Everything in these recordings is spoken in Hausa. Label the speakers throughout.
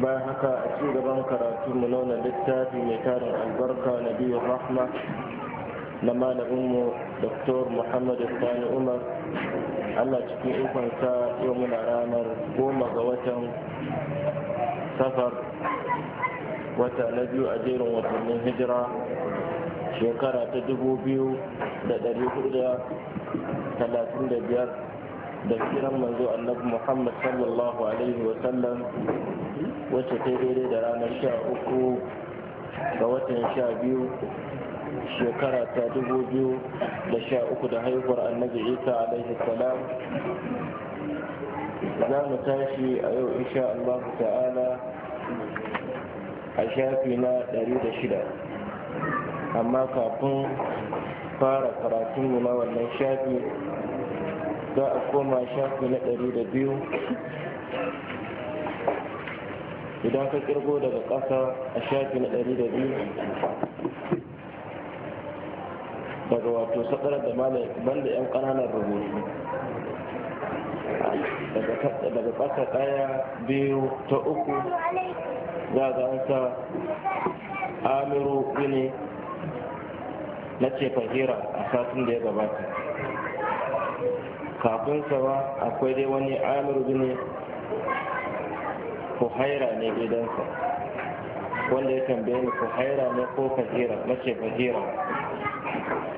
Speaker 1: bayan haka a ci gaban karatu mu nuna littafi mai tarin albarka na biyu rahma na malaminmu dr muhammad sani umar allah cikin ikonsa yau muna ranar goma ga watan safar wata na biyu a jerin watannin hijira shekara ta dubu biyu da ɗari hudu da talatin da biyar da kiran manzo annabi muhammad sallallahu alaihi wasallam wacce ta daidai da ranar sha uku ga watan sha biyu shekara ta dubu biyu da sha uku da haihuwar annabi isa alaihi salam za mu tashi a yau insha allahu ta'ala a shafi na ɗari da shida amma kafin fara karatunmu na wannan shafi za a koma shafi na ɗari da biyu idan ka kirgo daga ƙasa a shafi na ɗari da biyu daga wato sakarar da malam banda yan ƙananan rubutu daga ƙasa ɗaya biyu ta uku za ga an amiru gini na ce fahira a satin da ya gabata kafin sa akwai dai wani amiru gini fuhaira ne gidansa wanda ya tambaye ni fuhaira ne ko fahira mace fahira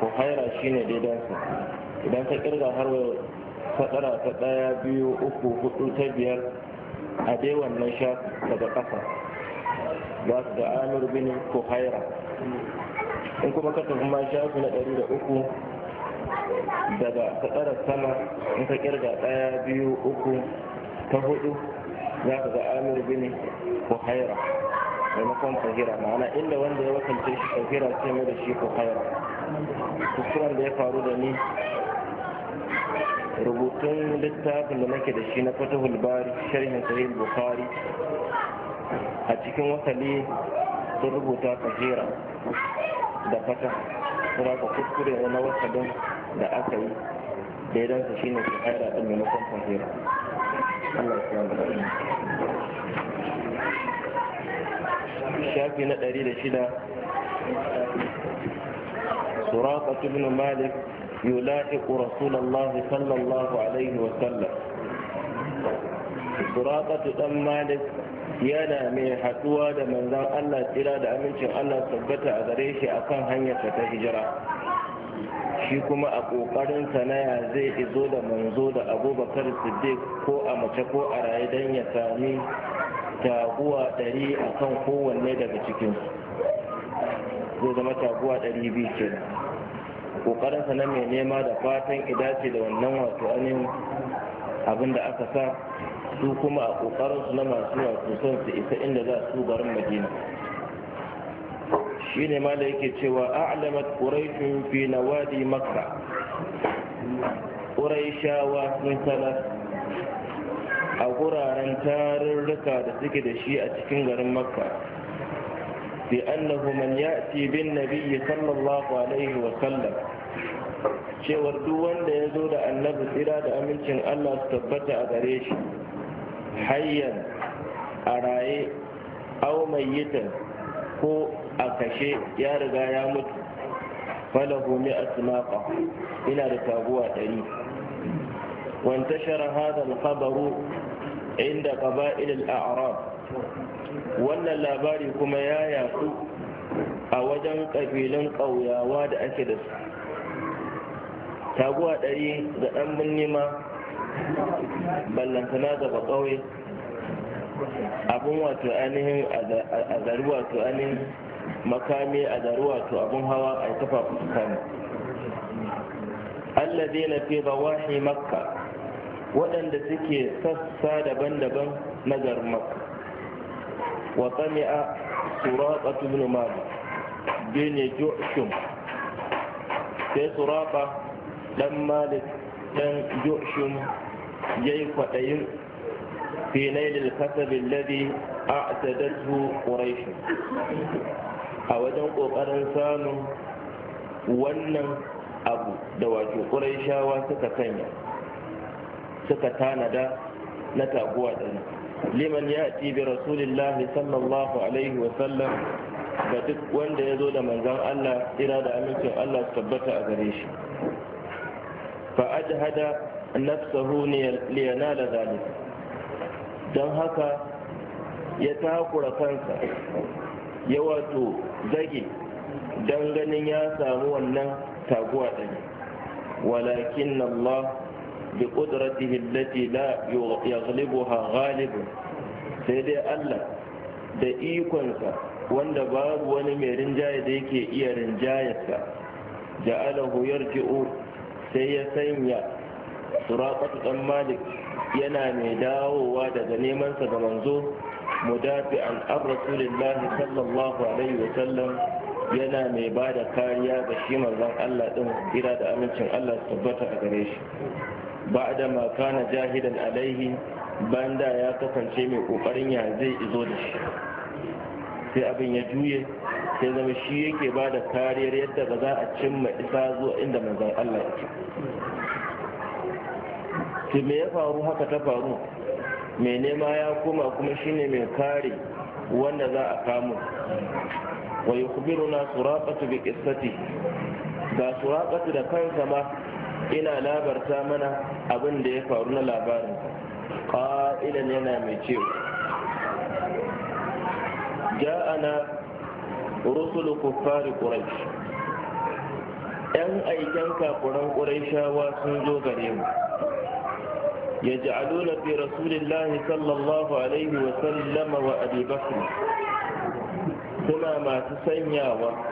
Speaker 1: fuhaira ne gidansa idan ka kirga har sadara ta daya biyu uku hudu ta biyar a dai wannan sha daga ƙasa za su da amir bin fuhaira in kuma ka tafi ma shafi na ɗari da uku daga sadarar sama in ka kirga daya biyu uku ta hudu za ka ga amir bin buhaira maimakon fahira ma'ana inda wanda ya wakance shi fahira sai mai da shi buhaira kuskuren da ya faru da ni rubutun littafin da nake da shi na fatahul bari sharhin sahih bukari a cikin wasali sun rubuta fahira da fata kuma ka kuskure na wasalin da aka yi da ya ne shine fahira din maimakon fahira الشافي سراقة بن مالك يلاحق رسول الله صلى الله عليه وسلم سراقة بن مالك يانا من حتوى دمن ذا الله تلا دعمنش الله ثبت أدريش أكان هنية تهجرة shi kuma a ƙoƙarinsa na ya zai izo da manzo da abubakar siddiq ko a mace ko a raye don ya sami taguwa ɗari a kan kowanne daga cikin zai zama taguwa ɗari biyu ke ƙoƙarinsa na mai nema da fatan idace da wannan wato anin abin da aka sa su kuma a ƙoƙarinsu na masu wato son su isa inda za su garin madina shine ma da yake cewa a'lamat quraishun fi nawadi makka quraishawa sun sanar a guraren tarurruka da suke da shi a cikin garin makka bi annahu man ya'ti bin nabiyyi sallallahu alaihi wa sallam cewar duk wanda ya zo da annabi tsira da amincin Allah su tabbata a gare shi hayyan a raye au mayyitan ko a kashe ya riga ya mutu falahu mi'atu naqa ina da taguwa ɗari wantashara hada al-khabaru inda qaba'il al-a'rab wannan labari kuma ya yaku a wajen kabilan ƙauyawa da ake da su taguwa ɗari ga ɗan binnima ballantana ga ƙauye abin wato ainihin a zari wato ainihin makami a daruwa to abin hawa a tafa fuskani na fi bawahi makka waɗanda suke sassa daban-daban na garin makka wa a suraqatu ibn malik bene ju'shum sai Suraka dan malik dan ya yayi kwaɗayin fi nailil ladi a a'tadathu ƙura'ishin. a wajen ƙoƙarin samun wannan abu da wato ƙuraishawa suka sanya suka tanada na taguwa ɗin liman ya bi Rasulillah sallallahu alaihi wasallam ga duk wanda ya zo da manzan Allah ira da amincin Allah su tabbata a gare shi fa ajhada nafsahu da zalika don haka ya takura kansa ya wato zage don ganin ya samu wannan taguwa ɗin walakin Allah bi ƙudratihi allati la ha ghalibun sai dai Allah da ikonsa wanda babu wani mai rinjaya da yake iya rinjayarsa alahu yarji'u sai ya sanya suraqatu dan malik yana mai dawowa daga nemansa da manzo مدافعا عن رسول الله صلى الله عليه وسلم yana mai ba da kariya ga shi manzon Allah din kira da amincin Allah su tabbata a gare shi ba da ma jahidan alaihi banda ya kasance mai kokarin ya zai izo da shi sai abin ya juye sai zama shi yake ba da kariyar yadda ba za a cimma isa zuwa inda manzon Allah yake me ya faru haka ta faru mai nema ya koma kuma shine mai kare wanda za a kamu wa na surakatu bi qissati ga surakatu da kansa ma ina labarta mana abin da ya faru na labarin qa'ilan yana mai cewa ja'ana rusulu kuffari quraish yan aiken kafuran quraishawa sun zo gare mu يجعلون في رسول الله صلى الله عليه وسلم وأبي بكر suna masu sanyawa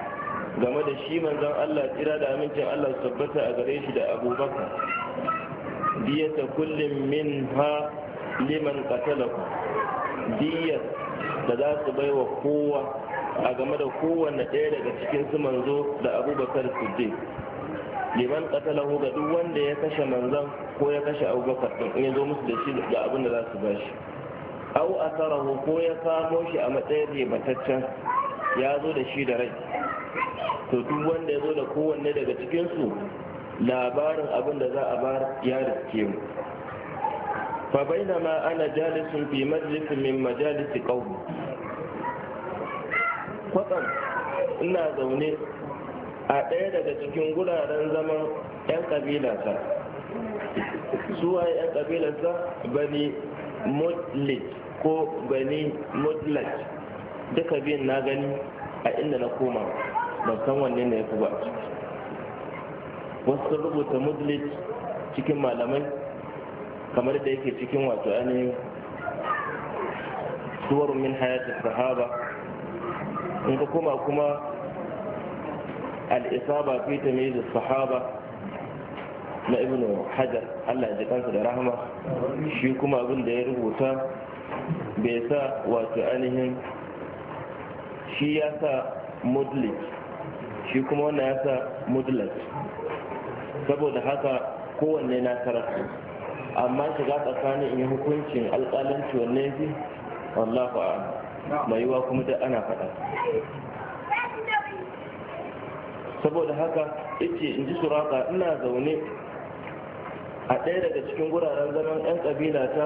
Speaker 1: game da shi manzon Allah tsira da amincin Allah su tabbata a gare shi da abubakar diyata kullum min ha liman qatalahu diyat da za su bai wa kowa a game da kowanne ɗaya daga cikin su manzo da abubakar siddiq liman qatalahu ga duk wanda ya kashe manzon ko ya kashe abubakar din in zo musu da shi da abin da za su bashi au asarahu ko ya kamo shi a matsayin ribataccen ya zo da shi da rai to duk wanda ya zo da kowanne daga cikin su labarin abin da za a bar ya riske mu fa bainama ana jalisun fi majlisin min majalisi qaumi kwatsam ina zaune a ɗaya daga cikin guraren zaman 'yan ƙabilarsa suwa 'yan ƙabilarsa bani mutlit ko bani mutlat duka biyun na gani a inda na koma ban san wanne ne ya ba wasu rubuta mutlit cikin malamai kamar da yake cikin wato ainihin suwarun min hayatin sahaba in ka koma kuma al-isaba fi tamyiz as-sahaba na ibnu hajar Allah ya ji kansa da rahama shi kuma abin da ya rubuta bai sa wato ainihin shi ya sa mudlik shi kuma wannan ya sa mudlak saboda haka kowanne na karatu amma shiga tsakanin in hukuncin alƙalanci wanne fi wallahu a mai yiwa kuma da ana faɗa saboda haka yace in ji suraka ina zaune a ɗaya daga cikin guraren zaman 'yan ƙabila ta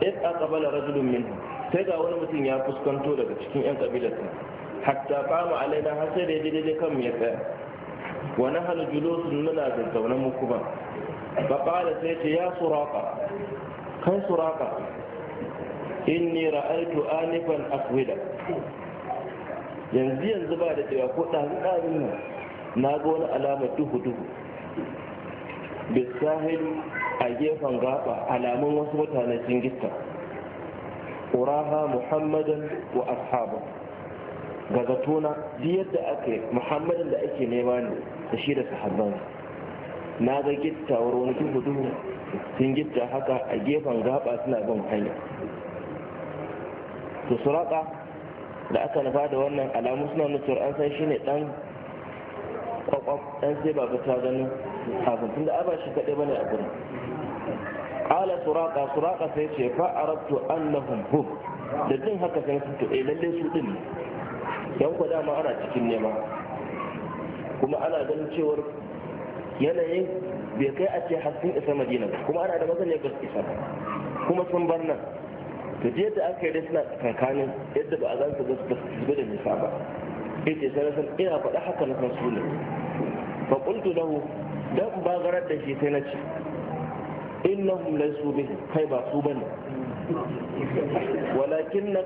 Speaker 1: in aqbala rajulun min sai ga wani mutum ya fuskanto daga cikin 'yan ƙabilar ta hatta qama alaina har sai da ya daidai kan mu ya tsaya julo sun nuna da zazzauna mu kuma ba sai ce ya suraka kai suraka inni ra'aytu anifan aswida yanzu yanzu ba da cewa ko ɗari ɗarin nan na ga wani alama duhu duhu bisahil a gefen gaba alamun wasu mutane sun gista ƙuraha muhammadan wa ashabu ga zatona duk yadda aka muhammadan da ake nema ne da shi da sahabban na ga gittawar wurin duhu duhu sun gista haka a gefen gaba suna bin hanya to suraka da aka nufa da wannan alamu suna nufin an san shi ne dan kwakwaf dan sai ba ta ganin kafin tunda a ba shi kaɗai ba ne a gurin ala suraka suraka sai ce fa aradtu annahum hum da jin haka sai su to eh, lalle su din yan ku dama ana cikin nema kuma ana ganin cewar yanayin bai kai a ce hasken isa madina kuma ana da mazan ba su isa kuma sun bar nan to da aka yi suna tsakanin yadda ba a zan su ba su da nisa ba yace sanasan ina faɗa haka na san sunan fa na lahu dan ba garar da shi sai na ce innahum su ne, kai ba su bane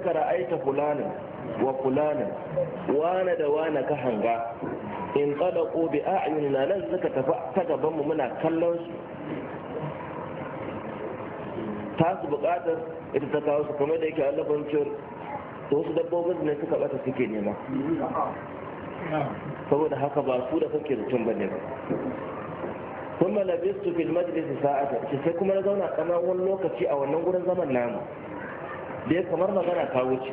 Speaker 1: kara ra'aita fulanan wa fulanan wane da wane ka hanga in talaqu bi na nan suka tafi ta gabanmu mu muna kallon su tasu buƙatar ita ta kawo su kamar da yake Allah cewar da wasu dabbobin ne suka bata suke nema saboda haka ba su da kake rutun ba ne ba malabi su fil majalis sa'ata ce sai kuma na zauna kana wani lokaci a wannan gurin zaman namu da ya kamar magana ta wuce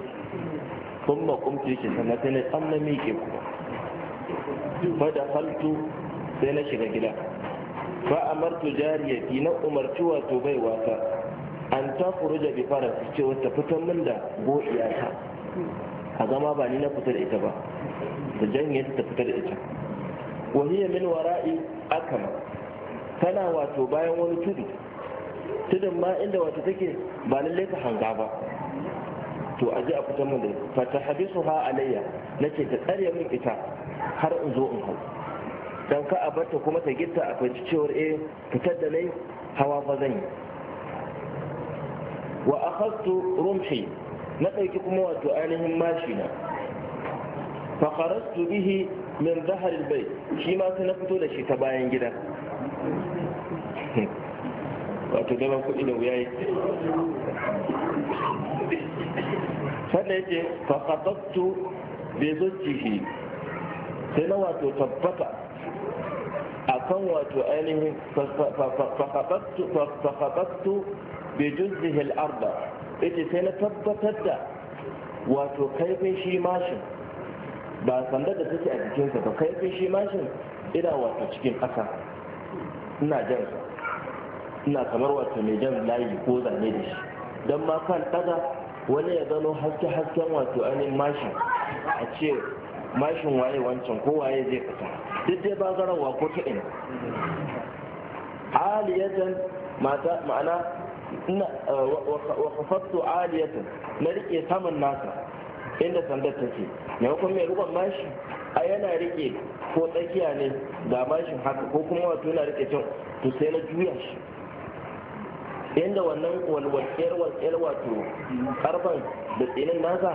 Speaker 1: kuma kumci shi sannan sai na tsamna miƙe kuma ba da haltu sai na shiga gida fa amartu fi na umarci wato bai wasa an ta furuja bi fara su ce wata fitan min da go'iya ta a zama ba ni na fitar ita ba da janye ta fitar ita ya min wara'i akama tana wato bayan wani tudu tudun ma inda wato take ba lallai ta hanga ba to a ji a fitan min da fa ta habisu ha alayya nace ta tsare min ita har in zo in hau dan ka a barta kuma ta gitta a fahimci cewar eh fitar da nai hawa fa zan yi wa akhadtu rumhi na ɗauki kuma wato ainihin mashina fa kharastu bihi min zahar albayt shi ma sai na fito da shi ta bayan gida wato daban kuɗi da wuya yake sannan yake fa qatattu bi zuccihi sai na wato tabbata akan wato ainihin fakabattu bi al arda yace sai na tabbatar da wato kaifin shi mashin ba sandar da take a jikinsa ba kaifin shi mashin ina wato cikin ƙasa ina jan ina kamar wato mai jan layi ko zane da shi don ma kan ɗaga wani ya gano haske hasken wato ainihin mashin a ce mashin waye wancan ko waye zai fita duk dai bagarawa ko ta ina aliyatan mata ma'ana eh, wa kafattu aliyatan na rike saman nasa inda sandar take maimakon mai rubar mashi a yana rike ko tsakiya ne ga mashin haka ko kuma wato yana rike can to sai na juya shi yadda wannan walwalƙiyar walwalkiyar wato karfan da tsinin nasa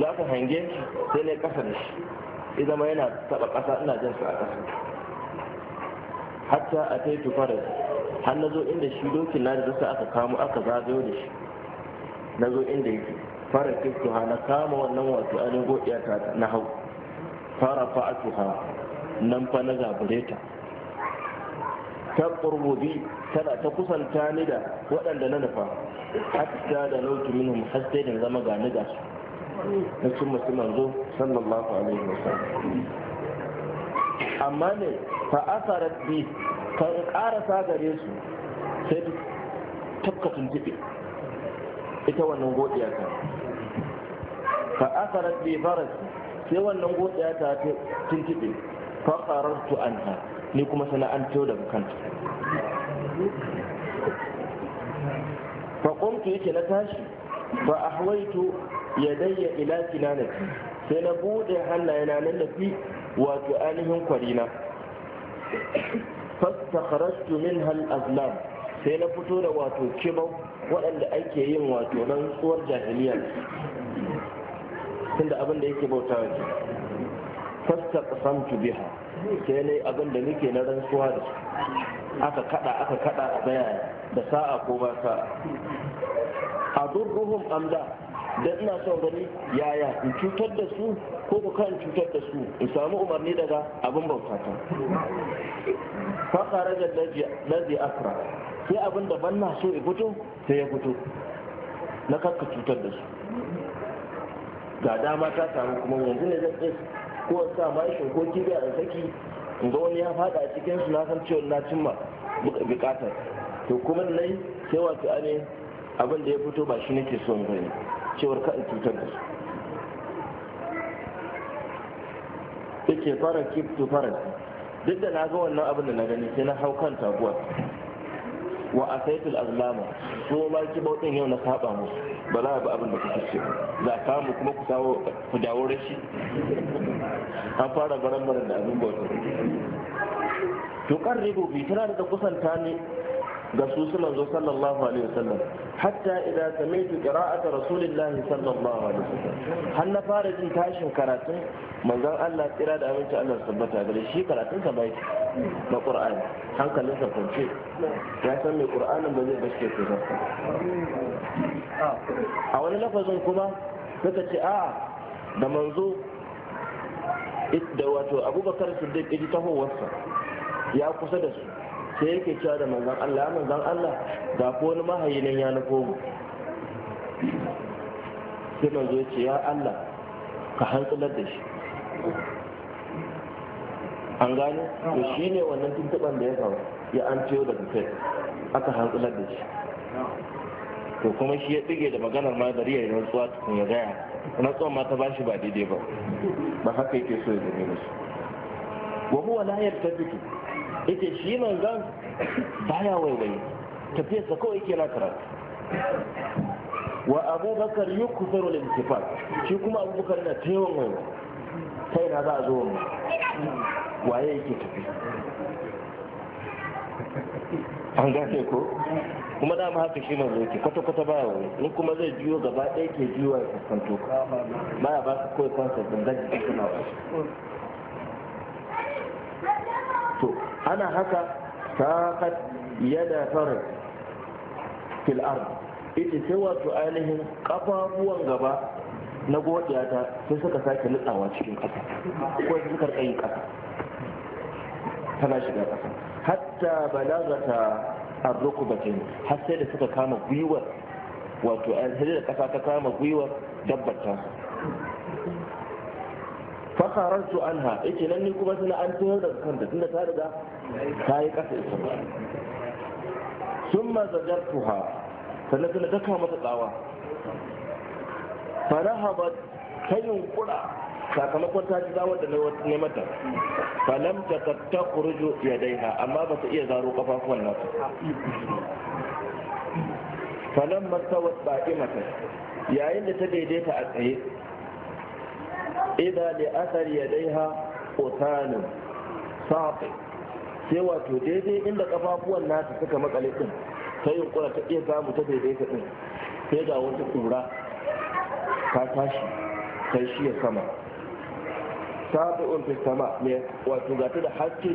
Speaker 1: za ka hange shi sai ne ƙasa da shi zama yana taba ƙasa ina jin su a ƙasa hatta a kai tufar har na zo inda shi dokin na da rasa aka kamo aka zagayo da shi na zo inda yake fara kiftuha na kama wannan wato ainihin godiya ta na hau fara fa'atuha nan fa na zabure ta ta tana ta kusanta ni da waɗanda na nufa hatta da nautu minu har sai da zama ga ni ga su na cin musu manzo sallallahu alaihi wasallam amma ne fa asarat bi kan karasa gare su sai ta tafka tuntube ita wannan godiya ta fa asarat bi faras sai wannan godiya ta tuntube fa qarartu anha ni kuma sana'antar da kanta fa yake na tashi fa ahwaitu yadayya ila kinanati sai na bude hannaye na nan fi wato ainihin kwarina fastakharajtu minha al-azlam sai na fito da wato kibau waɗanda ake yin wato rantsuwar jahiliya tunda abin da yake bauta wa ke fastaqsamtu biha ke ne abin da muke na rantsuwa da su aka kada aka kada a bayani da sa'a ko ba sa'a a durruhum amda da ina son gani yaya in cutar da su ko ku kan cutar da su in samu umarni daga abin bauta ta fakara da lazi afra sai abin da ban na so ya fito sai ya fito na kakka cutar da su ga dama ta samu kuma yanzu ne zan iya ko in sa mashin ko kibiya in saki ga wani ya fada a cikin su na san cewa na cimma bukatar to kuma nai sai wato ane abin da ya fito ba shi nake so in gani cewar ka in cutar da su yake fara kiftu fara duk da na ga wannan abin da na gani sai na hau kan taguwa wa asaitul azlama su ba ki bautan yau na saba mu ba za a bi abin da kuke ce za ka mu kuma ku dawo ku dawo rashi an fara garan da abin bautan to kan rigo bi tana da kusanta ne ga su su manzo sallallahu alaihi wasallam hatta idza sami'tu qira'ata rasulillah sallallahu alaihi wasallam har na fara jin tashin karatun manzon Allah tsira da aminci Allah tabbata gare shi karatun ka bai na Qur'ani hankalin sa kwance ya san me Qur'anin ba zai baske ko zakka a wani lafazin kuma suka ce a da manzo da wato abubakar siddiq ya ji tahowarsa ya kusa da su sai yake cewa da manzan Allah ya manzan Allah ga ko wani mahayi nan ya nufo mu sai manzo ya ce ya Allah ka hantsular da shi an gane to shi ne wannan tuntuɓar da ya faru ya an ciyo daga kai aka hantsular da shi to kuma shi ya tsige da maganar ma da yi rantsuwa tukun ya gaya rantsuwan ma ta ba shi ba daidai ba ba haka yake so ya zame musu wa huwa la yartafitu ita shi manzan baya waiwaye tafiyarsa kawai yake na karatu wa abubakar yukthiru al-intifaq shi kuma abubakar yana na yawan sai na za a zo mu waye yake tafi an gane ko kuma dama haka shi manzo yake kwata kwata baya wani Ni kuma zai juyo gaba ɗaya ke juyo ya kasanto baya ba su kawai kansa dangan jikin kuma to ana haka saqat yada farin fil ard ita sai wato ainihin kafafuwan gaba na godiyata sai suka sake nutsawa cikin ƙasa ko suka kai ƙasa tana shiga ƙasa hatta balagata arrukubatin har sai da suka kama gwiwar wato sai da ƙasa ta kama gwiwar dabbar ta su an ha yake nan ni kuma suna an tuhar daga kanta tunda ta riga ta yi ƙasa ita sun mazajar tuha sannan suna daka mata tsawa faraha ba ta kuɗa sakamakon ta ji zawar da ne mata falam ta tatta kurju ya daiha amma ba ta iya zaro kafafuwan nasu falam masa wasu baƙi mata yayin da ta daidaita a tsaye asar ya dai ha qutanin sa'ati sai wato daidai inda kafafuwan nata suka makale din ta kura ta iya samu ta ta din sai ga wata kura ka tashi kai shi ya sama sabu'un fi sama ne wato ga ta da haske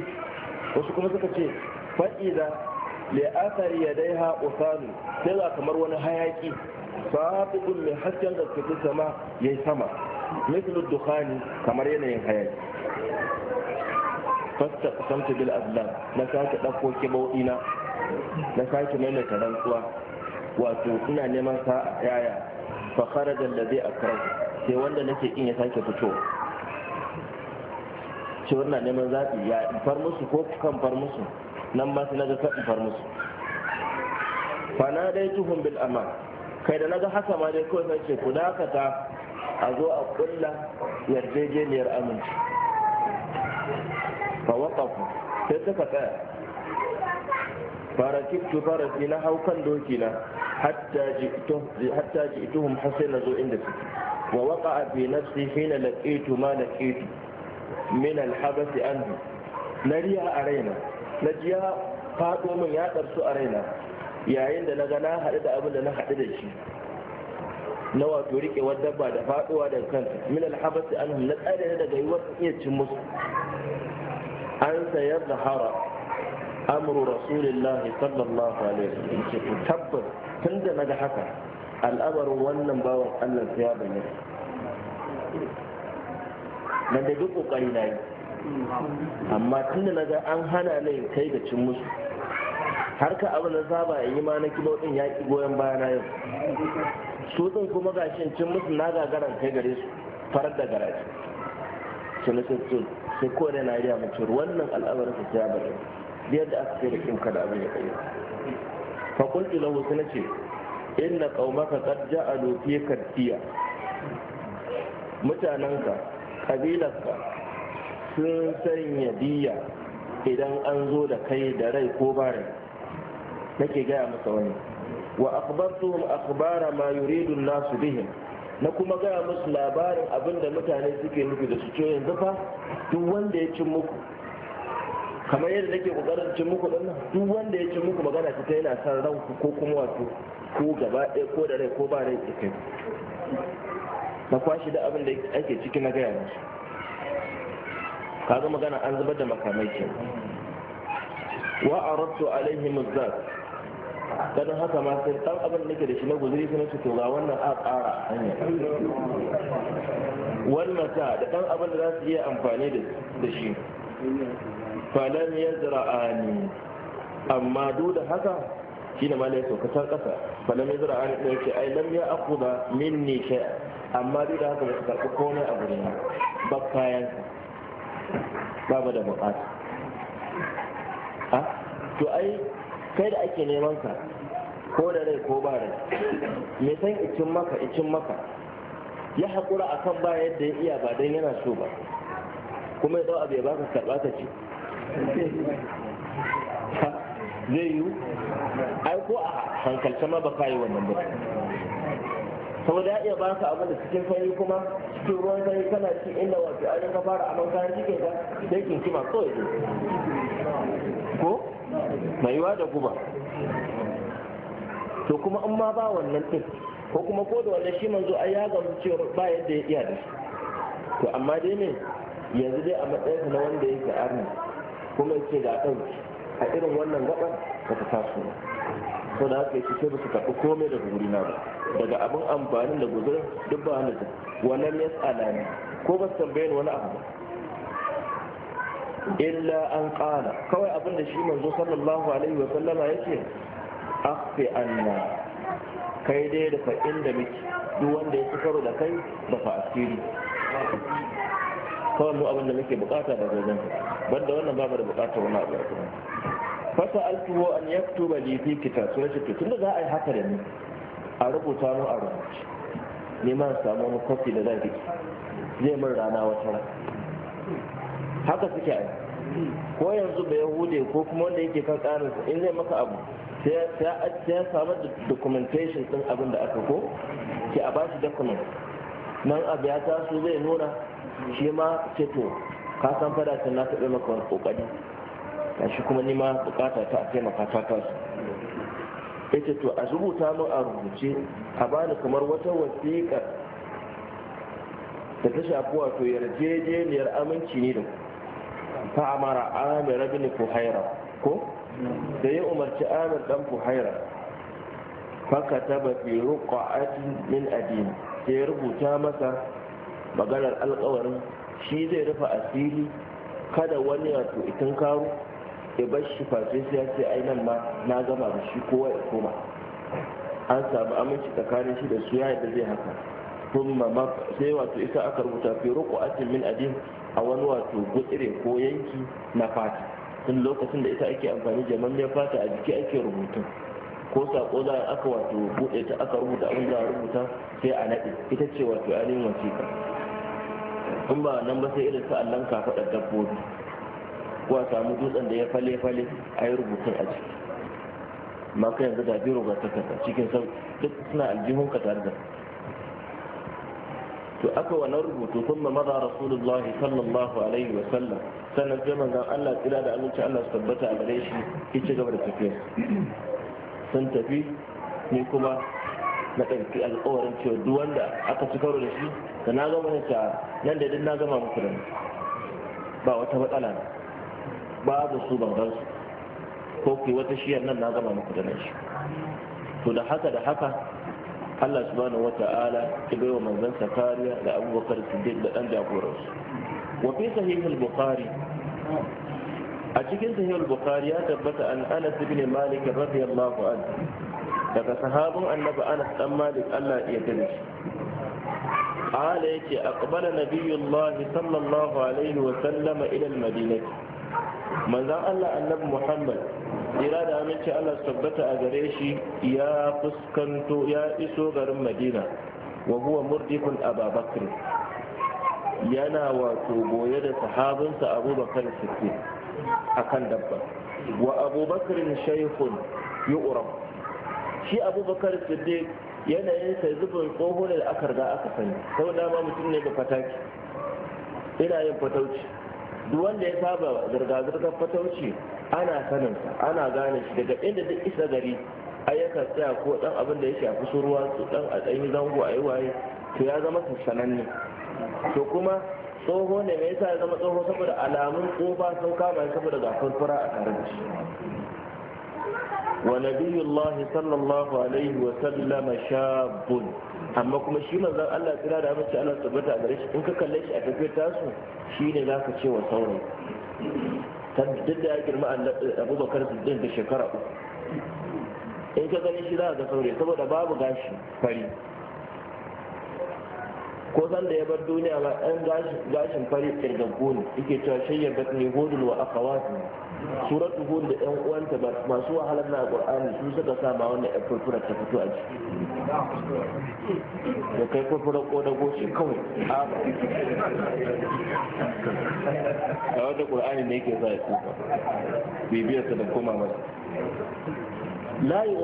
Speaker 1: wasu kuma suka ce faɗi ya dai ha usanu sai ga kamar wani hayaki sabu'un mai hasken gaske sama ya yi sama مثل kamar yanayin ينين حياتي fasta samta bil azlam na sake ɗauko kibauɗina na sake maimaita rantsuwa wato ina neman sa yaya fa kharaja allazi akram sai wanda nake in ya sake fito ce wannan neman zaɓi ya far musu ko kan far musu nan ma sai naga kan far musu fa na dai tuhum bil aman kai da naga haka ma dai kawai sai ce ku dakata أذوق كله يرجي يرأمن فوقف تتفتا فركبت فرسي لها وكان حتى جئته حتى جئتهم حسين ذو عندك ووقع في نفسي حين لقيت ما لقيت من الحبس أنه نريها أرينا نجيا فاطمة يا ترسو أرينا يا عند لغناها إذا أبو لنا حديد الشيء na wato riƙewar dabba da faɗuwa da kanta min alhabati anhum na tsare daga yiwuwar iya cin musu an sayar da hara amru rasulillah sallallahu alaihi wasallam ce ku tabbas tun da naga haka al'amarin wannan bawan Allah ya bane na da duk kokari na yi amma tun da naga an hana ni kai ga cin musu har ka abu na saba yi ma na kilo din yaki goyon bayana yau su din kuma shi cin musu na gagaran kai gare su farar da garaji sun sun sai ko da a mutuwar wannan al'amarin su ta bari da yadda aka kai da kin kada abin ya kai fa ila lahu sun ce inna qaumaka qad ja'alu fi kadfiya mutananka kabilarka sun sanya diya idan an zo da kai da rai ko bare nake gaya masa wani wa akhbartuhum akhbara ma yuridu an-nas bihim na kuma gaya musu labarin abin da mutane suke nufi da su ce yanzu fa duk wanda ya cin muku kamar yadda nake kokarin cin muku din nan duk wanda ya cin muku magana ta yana san ranku ko kuma wato ko gaba ɗaya ko da rai ko ba rai kai na kwashi da abin da ake ciki na gaya musu kaga magana an zubar da makamai ke wa aradtu alaihim zat kada don haka ma sai ɗan abin da nake da shi na guzuri sai na to ga wannan a ƙara hanya wannan ta da ɗan abin da za su iya amfani da shi falan yazra'ani amma duk da haka shi ne malai sauka can ƙasa falam ya zira ani ɗauke ai lam ya akuda min ni amma duk da haka ba su karɓi komai a gurin ba kayan ba da buƙata ah? to ai kai da ake neman ka ko da rai ko ba rai me san icin maka icin maka ya haƙura a kan ba yadda ya iya ba don yana so ba kuma ya ɗau abu ya baka karɓa ka ci zai yiwu ai ko a hankalce ma ba ka yi wannan ba saboda ya iya baka abin da cikin sanyi kuma cikin ruwan sanyi kana ci inda wato an ka fara a kayan cikin ka sai kin kima kawai ko mai yiwa da guba to kuma in ma ba wannan ɗin ko kuma ko da wannan shi manzo ai ya gamsu cewa ba yadda ya iya da to amma dai ne yanzu dai a matsayin na wanda yake arni kuma yake da ɗauki a irin wannan gaban ka ta taso ba to da haka yake sai ba su tafi komai daga wuri na ba daga abin amfanin da guzurin duk ba wani wannan ya tsala ko ba su tambaye wani abu ba illa an qala kawai abin da shi manzo sallallahu alaihi wa sallama yake akfi anna kai dai da fa'in da miki duk wanda ya karo da kai ba fa asiri kawai mu abin da muke bukata da gajen banda wannan babu da bukata wani abu fasa altuwo an yaktuba li fi kitab sun ce tun da za a yi haka da ni a rubuta mu a rubuce neman samu wani kofi da fi? zai min rana wata rana haka suke a ko yanzu ba yahude ko kuma wanda yake kan tsarin in zai maka abu sai ya samu documentation din abin da aka ko ke a bashi document nan abu ya taso zai nuna shi ma ce to ka san fada ta na taɓa maka wani kokari ga shi kuma nima bukata ta a taimaka ta tasu ita to a rubuta min a rubuce a bani kamar wata wasiƙar da ta shafi wato yarjejeniyar aminci ne da ku فأمر عامر بن فحيرة كو sai ya umarci amir dan fuhaira faka taba fi ruqa'atin min adini sai ya rubuta masa maganar alkawarin shi zai rufe asiri kada wani wato itin karu. ya bar shi face sai ya ce ai nan ma na gama da shi kowa ya koma an samu aminci tsakanin shi da su yayin da zai haka sai wato ita aka rubuta fi ruqa'atin min adin a wani wato gutsire ko yanki na fata tun lokacin da ita ake amfani jamammiyar fata a jiki ake rubutu, ko sako za aka wato bude ta aka rubuta abin za a rubuta sai a naɗe ita ce wato ainihin wasiƙa in ba nan ba sai irin sa allon kafaɗar dabbobi ko a samu dutsen da ya fale-fale a yi rubutun a ciki ma ka yanzu da biro ga takarda cikin sauki duk suna aljihun ka tare da to aka wannan rubutu kun ma maza rasulullahi sallallahu alaihi wa sallam sannan sai manzon Allah tsira da aminci Allah su tabbata a gare shi ki ci gaba da tafiya sun tafi ni kuma na ɗauki alƙawarin cewa duk wanda aka ci karo da shi da na gama na ta nan da duk na gama muku da ba wata matsala babu su ban gansu ko ku wata shiyar nan na gama muku da shi to da haka da haka Allah subhanahu wata'ala ya baiwa manzansa kariya da abubakar siddiq da dan jagoransu wa fi sahih bukhari a cikin sahih bukhari ya tabbata an Anas ibn Malik radiyallahu anhu daga sahabin annabi Anas dan Malik Allah ya yarda shi قال يتي أقبل نبي الله صلى الله عليه وسلم إلى المدينة manzan Allah annabi Muhammad jira da aminci Allah tabbata a gare shi ya fuskanto ya iso garin Madina wa huwa murdifun Ababakar yana wato goye da sahabinsa Abubakar Siddiq akan dabba wa Abubakar shaykhun yu'raf shi Abubakar Siddiq yanayin sai zubin tsohon da aka riga aka sani sau da mutum ne ga fataki ina yin fatauci duk wanda ya saba zirga-zirgar fatauci ana sanin ana gane shi daga inda duk isa gari ayyukan tsaya ko dan abin da ya shafi su ruwa su dan a tsayi zango a yi waye to ya zama sassananne to kuma tsoho ne mai yasa ya zama tsoho saboda alamun tsofa sun kama saboda ga furfura a tare da shi wa nabiyullahi sallallahu alaihi wa sallama bun. amma kuma shi manzon Allah kira da amince Allah tabbata a gare shi in ka kalle shi a tafiyar tasu shine zaka ce wa saurayi duk da ya girma abubakar siddiq da shekara uku in ka gani shi za ka ga saurayi saboda babu gashi fari ko san da ya bar duniya ba ɗan gashin fari kirgaggu ne yake cewa shayyar ne hudul wa akawati suratu hud da ɗan uwanta ba masu wahalar na qur'ani sun suka sa ma wannan ɗan furfura ta fito a ciki da kai furfura ko da goshi kawai a ba a wata qur'ani ne yake za a ya tsufa bibiyarsa da koma masa la yi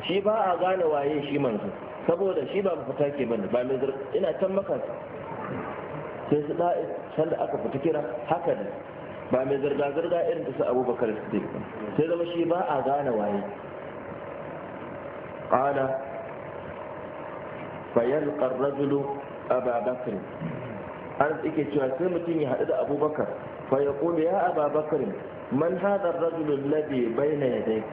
Speaker 1: shi ba a gane waye shi manzo saboda shi ba mafita ke bane ba mai zurfi ina can maka sai su da'i da aka fita kira haka ne ba mai zirga-zirga irin ta su abubakar su sai zama shi ba a gane waye ƙala bayan ƙarrajulu a babakar an tsike cewa sai mutum ya haɗu da abubakar fa ya ya ababakar man hadar rajulun bai na yadai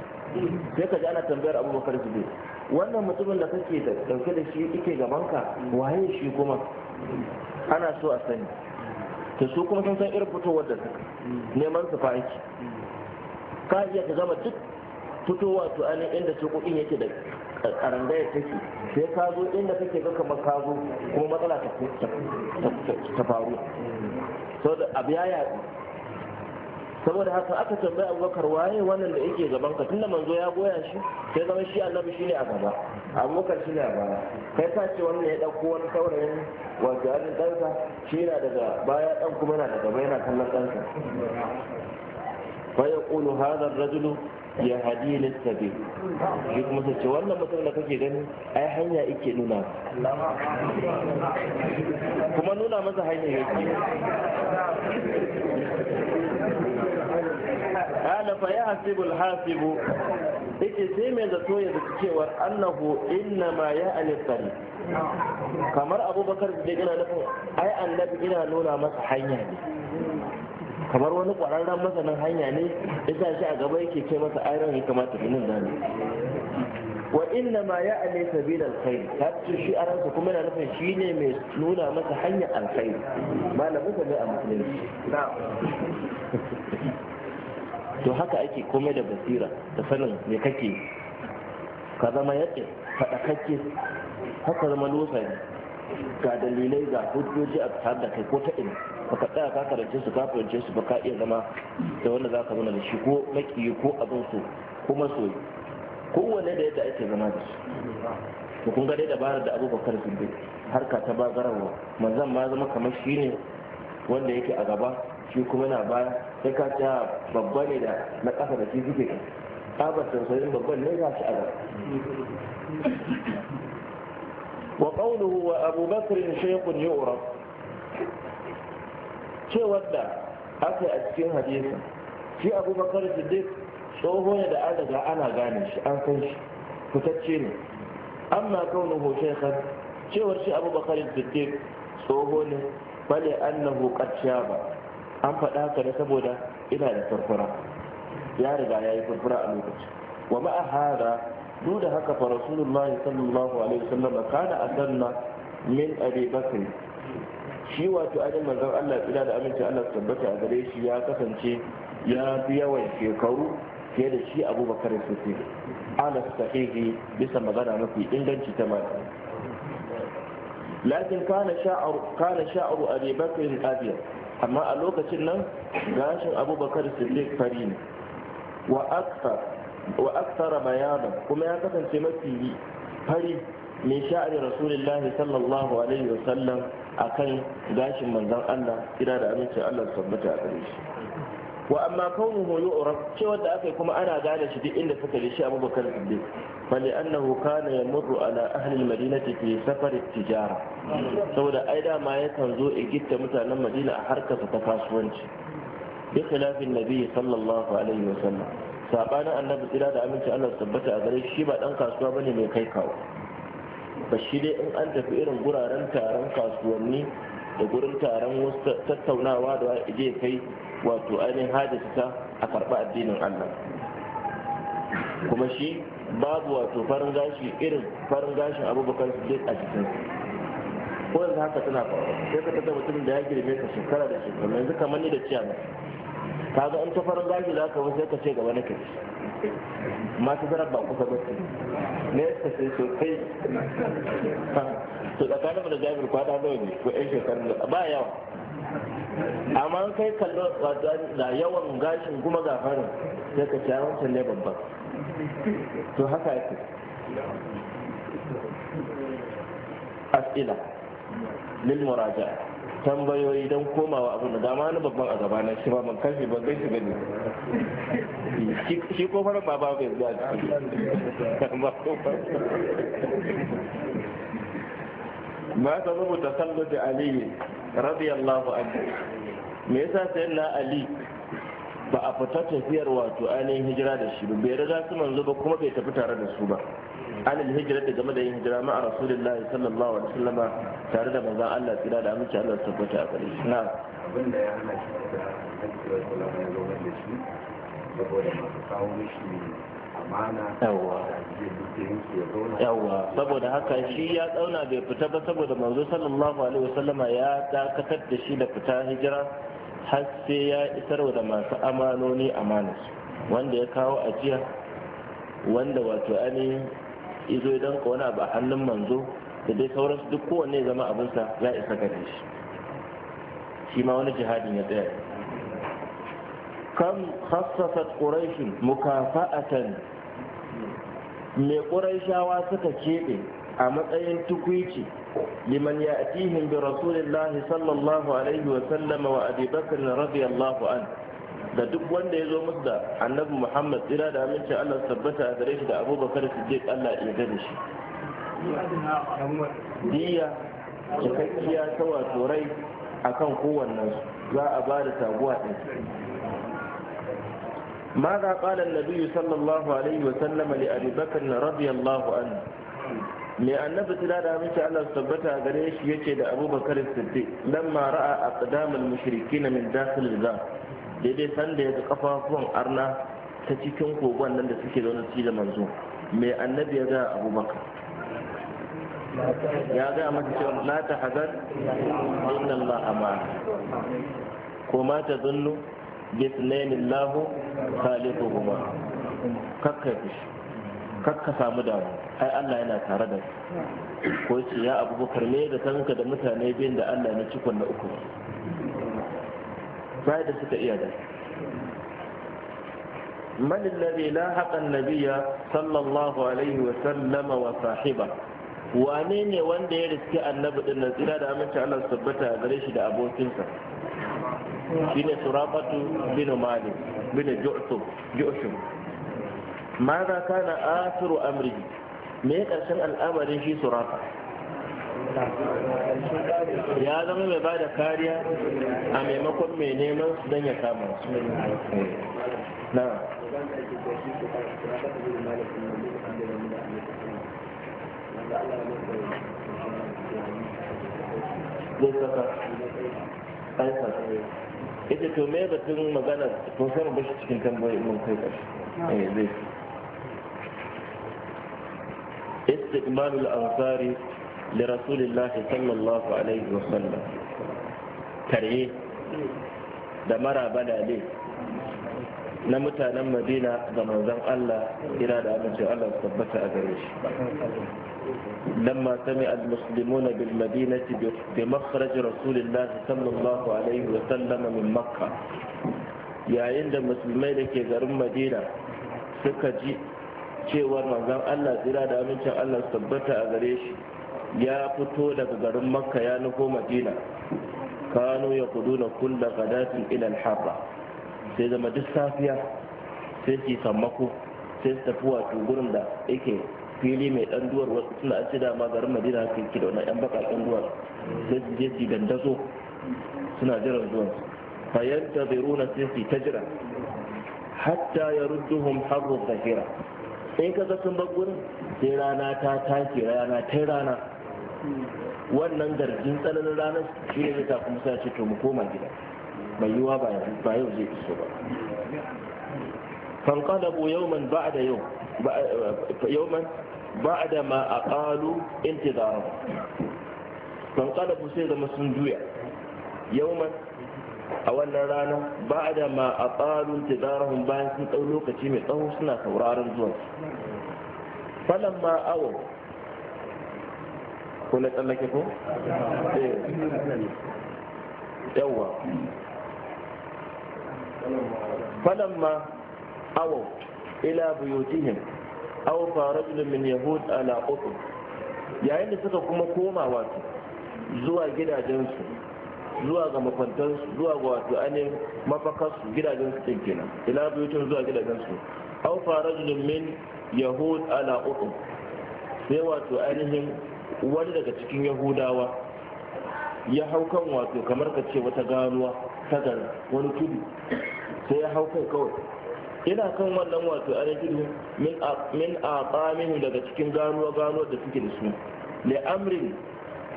Speaker 1: sai ka ji ana tambayar abubakar siddiq wannan mutumin da kake da dauke da shi yake gaban ka waye shi kuma ana so a sani to su kuma sun san irin fitowar da suka neman su fa ka iya ka gama duk fitowa to an inda tukukin yake da karangaya take sai ka zo inda kake ga kamar ka zo kuma matsala ta faru saboda abu ya yaɗu saboda haka aka tambayi abubakar waye wannan da yake gaban ka tunda manzo ya goya shi sai zama shi annabi shine a gaba abubakar shine a baya kai ka ce wannan ya dauko wani saurayin wato alin ɗansa shi yana daga baya dan kuma yana daga gaba yana kallon ɗansa fa yaqulu hadha ar-rajulu ya hadi tabi shi kuma sai ce wannan mutum da kake gani ai hanya yake nuna kuma nuna masa hanya yake kala fa ya hasibu alhasibu yake sai mai zato ya zaci cewar annahu inna ma ya alifari kamar abubakar da ina nufin ai annabi ina nuna masa hanya ne kamar wani kwararren masanin hanya ne ita shi a gaba yake ce masa ayyukan ya kamata binin zane wa inna ma ya ale sabil alkhair ta ce shi a ransa kuma yana nufin shi ne mai nuna masa hanyar alkhair malamin sa mai a musulunci to haka ake komai da basira da sanin me kake ka zama yaƙin kake haka zama losa ne ga dalilai ga hujjoji a tare da kai ko ta ina baka tsaya ka karance su ka fahimce su baka iya zama da wanda za ka zama da shi ko makiyi ko abin so ko masoyi kowane da yadda ake zama da su to kun ga dai dabarar da abubakar zubbe harka ta bagararwa manzan ma zama kamar shi ne wanda yake a gaba shi kuma yana baya sai ka babba ne da na kasa da shi suke tsabar sansanin babban ne za shi a gaba wa ƙaunuhu wa abu bakirin shekun yi'ura cewar da aka yi a cikin hadisi shi abu bakar siddiq tsoho ne da adaga ana gane shi an san shi fitacce ne amma kaunuhu shekar cewar shi abu bakar siddiq tsoho ne bale annahu qad shaba an faɗa ka ne saboda ina da furfura ya riga ya yi furfura a lokaci wa ma'a hada duk da haka fa rasulullahi sallallahu alaihi wasallam kana adanna min abi bakri shi wato ajin manzon Allah ila da aminci Allah su tabbata a gare shi ya kasance ya fi yawan shekaru fiye da shi abubakar sosai ala sahihi bisa magana mafi inganci ta mata lakin kana sha'aru abi bakr abiyar amma a lokacin nan gashin abubakar siddiq fari ne wa aksara bayanan kuma ya kasance mafi fari mai sha'ari rasulullahi sallallahu alaihi wasallam gashin manzon allah kira da amincin allah su tabbata a gare shi wa amma kaunuhu yu'raf cewa da aka yi kuma ana gane shi duk inda suka je shi abubakar siddiq fali annahu kana yamurru ala ahli almadinati fi safar tijara saboda ai ma yakan zo gitta mutanen madina a harkarsa ta kasuwanci bi khilafin nabi sallallahu alaihi wa sallam sabanin annabi tsira da aminci Allah tabbata a gare shi ba dan kasuwa bane mai kai kawo ba shi dai in an tafi irin guraren taron kasuwanni da gurin taron wasu tattaunawa da je kai wato ainihin hajjata ta a karɓi addinin Allah kuma shi babu wato farin gashi irin farin gashin abubakar su a cikin ko yanzu haka tana faruwa sai ka tattaba mutum da ya girme ka shekara da shekara yanzu ka manni da ciyar Ka ga in ta farin gashi za ka sai ka ce gaba na kai masu zarar ba kusa ba ne ka sai sosai to tsakanin da jami'ar kwada nawa ne ko yan shekarun ba yawa amma kai kallo da yawan gashin kuma ga farin sai ka ci wancan ne babban to haka yake as'ila lil muraja tambayoyi don komawa abu da dama na babban a gaba na shi ba man kashi zai shiga ne shi kofar ba ba bai zuwa ba. ma sababu da Aliyu, radiyallahu anhu me yasa na ali ba a fita tafiyar wato ainihin hijira da shi bai riga su manzo ba kuma bai tafi tare da su ba an hijira da game da yin hijira ma a rasulullahi sallallahu alaihi wasallam tare da manzon Allah tsira da aminci Allah ta tabbata a gare shi na abin da ya hana shi da an da sallallahu da wasallam saboda masu kawo shi yawa saboda haka shi ya tsauna bai fita ba saboda manzo sallallahu alaihi wasallama ya dakatar da shi da fita hijira har sai ya isar da masu amanoni amanarsu wanda ya kawo ajiya wanda wato ani izo idan ka wani a hannun manzo da dai sauransu duk kowanne zama abinsa ya isa gare shi shi ma wani jihadin ya tsaya kan khassasat quraish mukafa'atan mai shawa suka keɓe a matsayin tukwici liman ya atihim bi rasulillahi sallallahu alaihi wa sallama wa abi bakr radiyallahu an da duk wanda ya zo musu da annabi muhammad tsira da aminci allah tabbata a gare shi da abubakar siddiq allah ya gani shi diya cikakkiya ta wato rai akan kowannen za a ba da taguwa ɗin ماذا قال النبي صلى الله عليه وسلم لأبي بكر رضي الله عنه mai annabi tana da mace Allah su tabbata gare shi yake da Abu Bakar Siddiq lamma ra'a aqdamul mushrikin min dakhil al-zam daidai sanda ya ga kafafuwan arna ta cikin kogon nan da suke zaune ci da manzo mai annabi ya ga Abu Bakar ya ga mata cewa la tahzan inna Allah ma ko ma tazunnu bisnayn Allah khaliquhuma kakka fishi kakka samu damu ai Allah yana tare da su ko ce ya abubakar ne da kanka da mutane biyun da Allah na cikon na uku sai da suka iya da من الذي لاحق النبي صلى الله عليه وسلم وصاحبه wane ne wanda ya riske annabi din nan tsira da aminci Allah tabbata gare shi da abokinsa shine suraqatu bin malik bin ju'tub ju'shum ماذا كان asiru أمره me ya ƙarshen al'amarin shi suraka ya zama mai ba da kariya a maimakon mai neman su don ya kama su na zai ita to me batun magana to sai mu bashi cikin tambayoyin mun kai kashi eh zai استقبال الأنصار لرسول الله صلى الله عليه وسلم كريه دمر بلاليه na mutanen madina ga manzon Allah ina da amince Allah su tabbata a gare shi لما سمع المسلمون بالمدينة بمخرج رسول الله صلى الله عليه وسلم من مكة يا عند المسلمين كي غرم مدينة سكجي cewar manzon Allah tsira da amincin Allah tabbata a gare shi ya fito daga garin makka ya nufo madina kano ya kudu na kulla sai zama duk safiya sai su sammako sai su tafi wato gurin da yake fili mai dan duwar wasu tunda an ce dama garin madina haka yake da wannan yan bakakken duwar sai su je su dandazo suna jiran zuwan fa yantaziruna sai su ta jira hatta yarudduhum harru zahira sai ka sun bar gurin sai rana ta take rana ta rana wannan garjin tsananin ranar shi ne zai tafi musa ce to mu koma gida mai yiwa ba yau zai iso ba fanqalabu yawman ba'da yau yawman ba'da ma aqalu intidaran fanqalabu sai da sun juya yawman a wannan rana ba'da ma aqalu intidarahum bayan sun dau lokaci mai tsawo suna sauraron zuwan falamma awo ko na tsallake ko eh. yawa falamma awaw ila buyutihim aw fa rajulun min yahud ala qutb yayin da suka koma wato zuwa gidajensu zuwa ga makwantansu zuwa ga wato anin mafakarsu gidajensu din kenan ila biyutun zuwa gidajensu au fa rajulun yahud ala qutb sai wato ainihin wani daga cikin yahudawa ya hau kan wato kamar ka ce wata ganuwa ta wani tudu sai ya hau kai kawai ina kan wannan wato a rikidu min a tsamihu daga cikin ganuwa ganuwa da suke da su ne amrin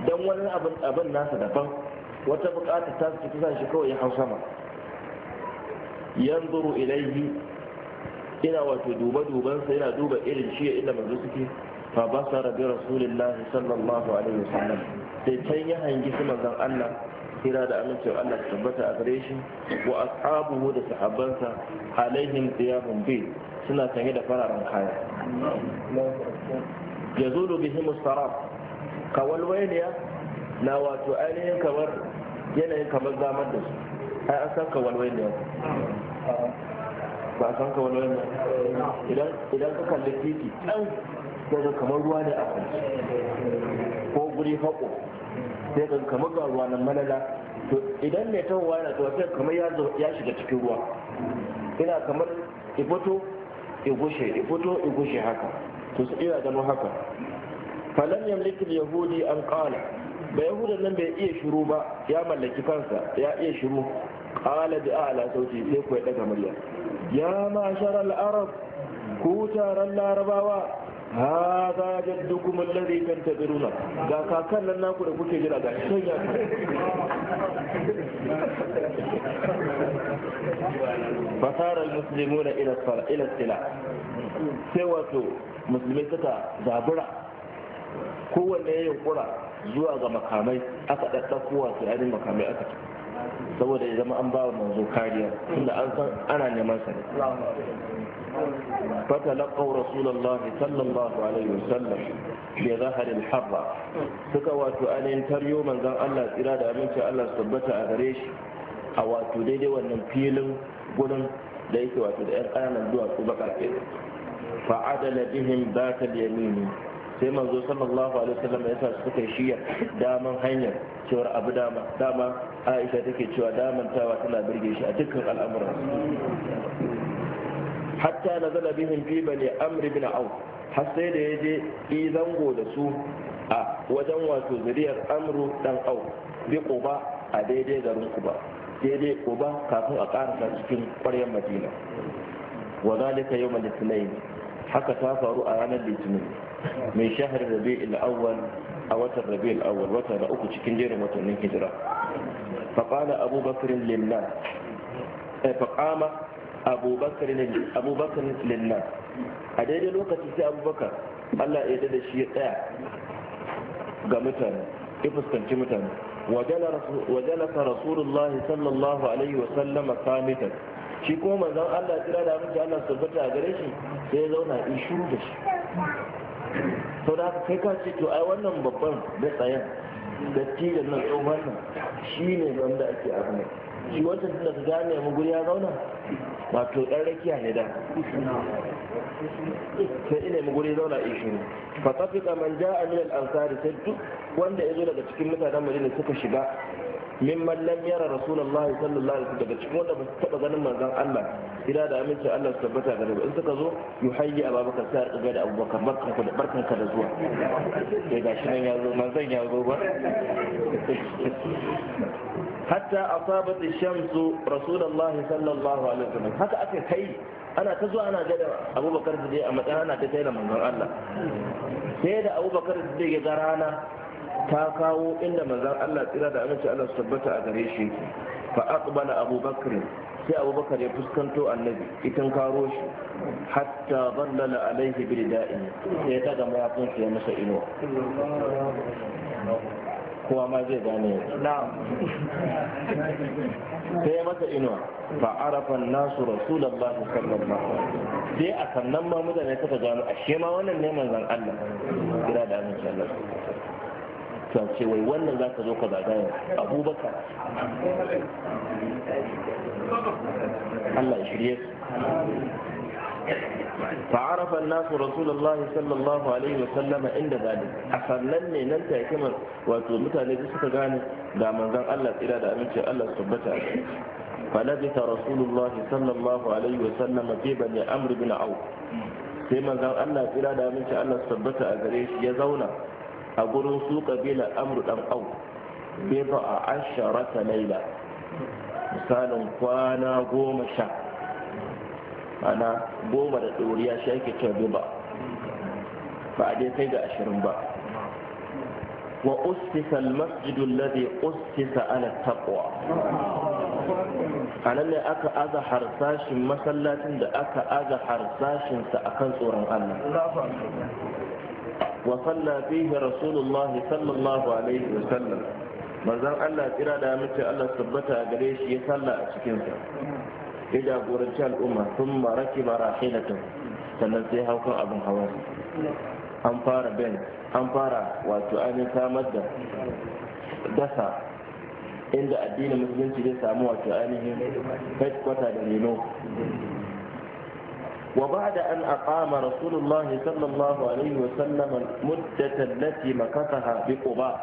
Speaker 1: don wani abin nasa daban wata bukata ta su ta shi kawai ya hau sama yanzuru ilaihi ina wato duba duban sa yana duba irin shi ya inda manzo suke fa basara bi rasulillahi sallallahu alaihi wasallam sai can ya hangi su manzon Allah kira da amincin Allah ta tabbata a gare shi wa ashabuhu da sahabbansa alaihim bi suna sanye da fararen kaya yazulu bihim sarab kawal wayliya na wato ainihin kamar yanayin kamar zamar da su ai an san kawal wayliya ba san kawal wayliya idan ka kalli titi dan kamar ruwa ne a kwanci ko guri haƙo sai ka kamar ga ruwa nan malala to idan mai ruwa yana to sai kamar ya shiga cikin ruwa ina kamar ya fito ya gushe ya fito ya gushe haka to su iya gano haka falan yamlikin yahudi an qala ba yahudan nan bai iya shiru ba ya mallaki kansa ya iya shiru qala bi ala sauti sai ku ya daga murya ya masharal arab ku taron larabawa Haza duk mun hada jaddukum alladhi tantaziruna ga kakan nan naku da kuke jira ga shan ya fasara almuslimuna ila sala ila sila sai wato musulmai suka zabura kowanne ya yunkura zuwa ga makamai aka ɗaɗɗako wato yanin makamai aka saboda idan an ba wa manzo kariya tunda an san ana neman sa ne فتلقوا رسول الله صلى الله عليه وسلم بظهر الحرة سكوات أن ينتريو من ذا الله إرادة من شاء الله سبت أغريش أو ديدي ونمفيل قلن ليس واتد دير أنا ندوى سبقا كده فعدل بهم ذات اليمين sai manzo sallallahu alaihi wasallam ya sa su kai shiyar daman hanyar cewar abu dama dama Aisha take cewa tawa tana birge shi a dukkan al'amuran hatta nazala bihim fi bani amr ibn auf har sai da ya je yi zango da su a wajen wato zuriyar amru dan au bi quba a daidai garin quba daidai quba kafin a karasa cikin ƙwaryar madina wa zalika yawmal ithnain haka ta faru a ranar litinin mai shahar rabi'il awwal a watan rabi'il awwal wata na uku cikin jerin watannin hijira faqala abubakar limna eh, faqama abubakar abubakar lillah a daidai lokaci sai abubakar allah ya da shi ya tsaya ga mutane ya fuskanci mutane wajalasa rasulullahi sallallahu alaihi wa sallama samitan shi kuma mazan allah tira da abinci allah tabbata a gare shi sai ya zauna in shuru da shi sau da aka kai ka ce to ai wannan babban da tsayen dattijan nan tsohon nan shi ne wanda ake abu ne shi wata da ka gane mu guri ya zauna wato ɗan rakiya ne da sai ina mu guri zauna a eh, shi ne fa tafika man ja'a min al-ansari sai duk wanda ya zo daga cikin mutanen madina suka shiga mimman lam yara rasulullahi sallallahu alaihi daga cikin wanda ba su taba ganin manzon Allah gida da aminci Allah su tabbata gare in suka zo yuhayyi ababakar sai riga da abubakar barkanku da barkanka da zuwa sai gashi nan ya zo manzon ya zo ba hatta asabat ash-shamsu rasulullahi sallallahu alaihi wasallam haka aka kai ana ta zuwa ana gada abubakar da a matsayin ana ta kai da manzon Allah sai da abubakar da ya ga rana ta kawo inda manzan Allah tsira da aminci Allah su tabbata a gare shi fa aqbala Abu Bakr sai Abu Bakr ya fuskanto Annabi itin karo shi hatta dallala alaihi bil da'i sai ta ga mayafin ya masa ino kowa ma zai gane sai ya masa inuwa fa arafan nasu rasulullah sallallahu alaihi sai a sannan ma mutane suka gano ashe ma wannan ne manzon Allah kira da amince Allah. ta ce wai wannan za ka zo ka zagaya abubakar Allah ya shirye فعرف الناس رسول الله صلى الله عليه وسلم عند ذلك أخرنن ne nan ta yake wato mutane da suka gane da manzon Allah tsira da aminci Allah su tabbata فلبث رسول الله صلى الله عليه وسلم في بني عمرو بن عوف sai manzon Allah tsira da aminci Allah su tabbata a gare shi ya zauna a gurin su kabila amru dan au bid'a asharata laila misalin kwana goma sha ana goma da ɗoriya shi ake cewa bid'a ba a dai kai ga ashirin ba wa ussisa almasjidu alladhi ussisa ala taqwa anan ne aka aza harsashin masallacin da aka aza harsashinsa akan tsoron Allah وصلى فيه رسول الله صلى الله عليه وسلم manzon Allah kira da mace Allah tabbata a gare shi ya salla a cikin sa ya jagoranci al'umma sun maraki ba rahilatan sannan sai haukan abin hawa an fara ben an fara wato ainihin samar da dasa inda addinin musulunci zai samu wato ainihin headquarter da reno وبعد أن أقام رسول الله صلى الله عليه وسلم المدة التي مكثها بقباء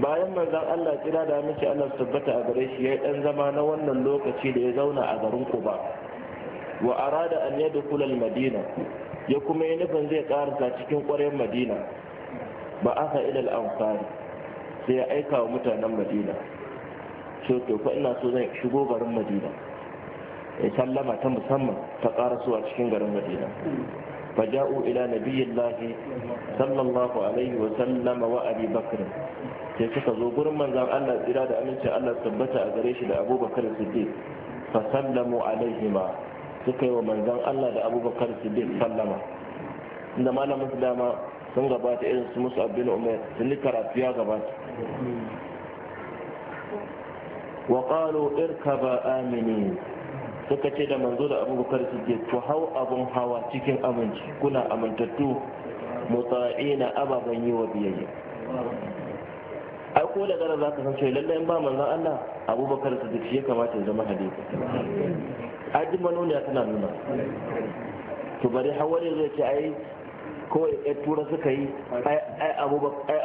Speaker 1: bayan manzon Allah kira da miki Allah tabbata a gare shi yayi dan zama na wannan lokaci da ya zauna a garin Quba wa arada an yadkhula al-Madina ya kuma yi nufin zai karanta cikin ƙwaryar Madina ba aka ila al-Ansari sai ya aika wa mutanen Madina to to fa ina so zan shigo garin Madina sallama ta musamman ta a cikin garin madina faja'u إلى نبي sallallahu alaihi wa sallama وسلم وأبي بكر sai suka zo gurin manzan Allah tsira da aminci Allah tabbata a gare shi da abubakar siddiq fa sallamu alaihima suka yi wa manzan Allah da abubakar siddiq sallama inda malamin su dama sun gabata irin su musu bin umar sun karatu ya gabata wa qalu irkaba aminin suka ce da manzo da abubakar ke ku hau abun hawa cikin aminci kuna amintattu na ababen yi wa biyayya ai ko da gara za ka san cewa lallai ba manzo Allah abubakar siddiq shi ya kamata ya zama halifa ajin manoniya tana nuna to bari hawari zai ce ai kawai ya tura suka yi ai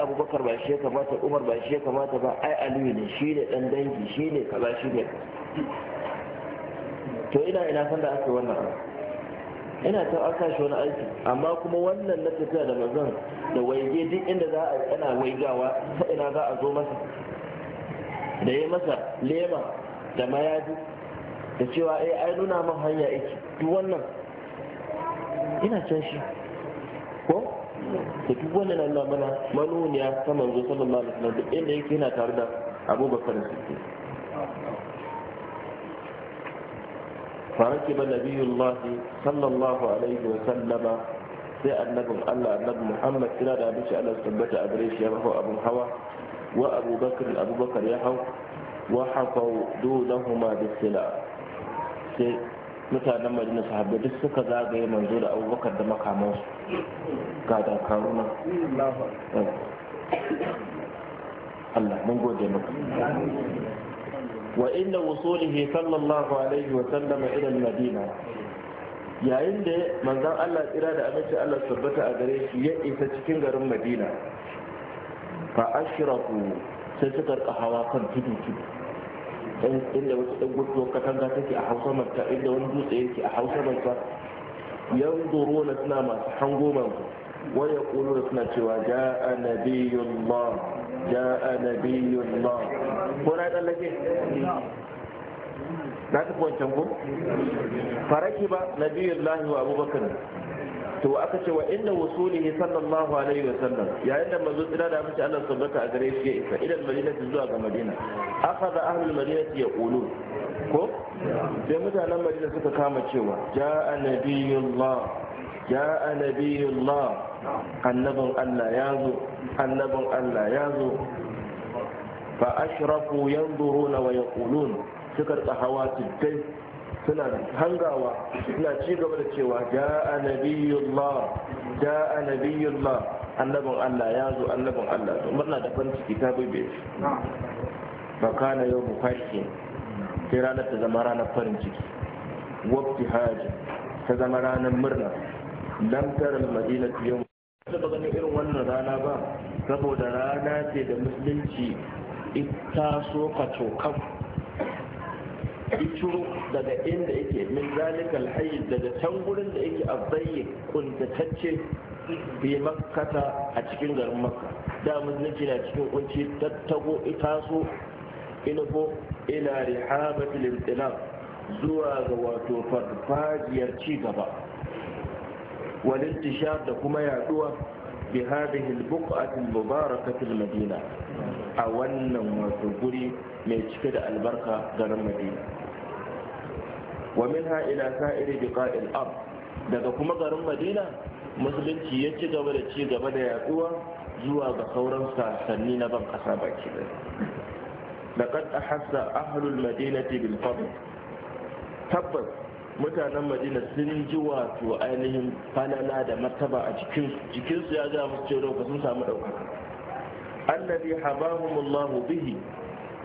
Speaker 1: abubakar ba shi ya kamata umar ba shi ya kamata ba ai aliyu ne shi ne dan dangi shi ne kaza shi ne to ina ina san da ake wannan ina ta aka shi wani aiki amma kuma wannan na tafiya da mazan da waige duk inda za a yana waigawa ta ina za a zo masa da ya masa lema da mayaji da cewa eh ai nuna min hanya yake duk wannan ina can shi ko da duk wannan Allah mana manuniya ta manzo sallallahu alaihi wasallam inda yake yana tare da Abubakar Siddiq فركب نبي الله صلى الله عليه وسلم sai annabin Allah annabi Muhammad kira da abinci Allah tabbata a gare shi ya rahu abin hawa wa Abu Bakar Abu Bakar ya hau wa hafau dunahuma sila sai mutanen Madina sahabbai duk suka zagaye manzo da Abu Bakar da makamansu ga da karuna Allah mun gode maka وإن وصوله صلى الله عليه وسلم إلى المدينة yayin da manzan Allah tsira da aminci Allah tabbata a gare shi ya isa cikin garin Madina fa ashraku sai suka hawa kan tudu tudu inda wata dan gudu katanga take a Hausa manta inda wani dutse yake a Hausa manta yanzuruna suna masu hango manzo wa yaquluna suna cewa ja a ma, ja'a nabiyullah ja'a ma. ko na tsallake na tafi wancan ko faraki ba nabiyullahi wa abubakar to aka ce wa inda wasulihi sallallahu alaihi wa sallam yayin da manzo tsira da mace Allah subhanahu a gare shi ya isa idan madina ta zuwa ga madina da ahlul madina ya qulu ko sai mutanen madina suka kama cewa ja'a nabiyullah ja'a nabiyullah annabin Allah ya zo annabin Allah ya zo fa ashrafu yanzuruna wa yaqulun suka rika hawa tuddai suna hangawa suna ci gaba da cewa ja'a nabiyullah ja'a nabiyullah annabin Allah ya zo annabin Allah zo murna da farin ciki ta bube shi fa kana yau fashi sai ranar ta zama ranar farin ciki wabti haji ta zama ranar murna lantarar madina al-madinatu yawm taba ganin irin wannan rana ba saboda rana ce da musulunci ita so ka cokan ciro daga inda yake min zalikal hayy daga can gurin da yake a abbayi kuntatacce bi makkata a cikin garin makka da musulunci na cikin kunci tattago ita so inabo ila rihabati limtilab zuwa ga wato farfajiyar ci gaba walintishar da kuma yaduwa bi hadhihi al-buq'ati al-mubarakati al a wannan wato guri mai cike da albarka garin madina wa minha ila sa'iri biqa'i al-ard daga kuma garin madina musulunci ya ci gaba da ci gaba da yaduwa zuwa ga sauran sasanni na ban kasa baki da laqad ahassa ahlul madinati bil fadl tabbas mutanen madina sun ji wato ainihin falala da martaba a jikinsu jikinsu ya gaya musu cewa sun samu ɗaukaka allazi habahumullahu bihi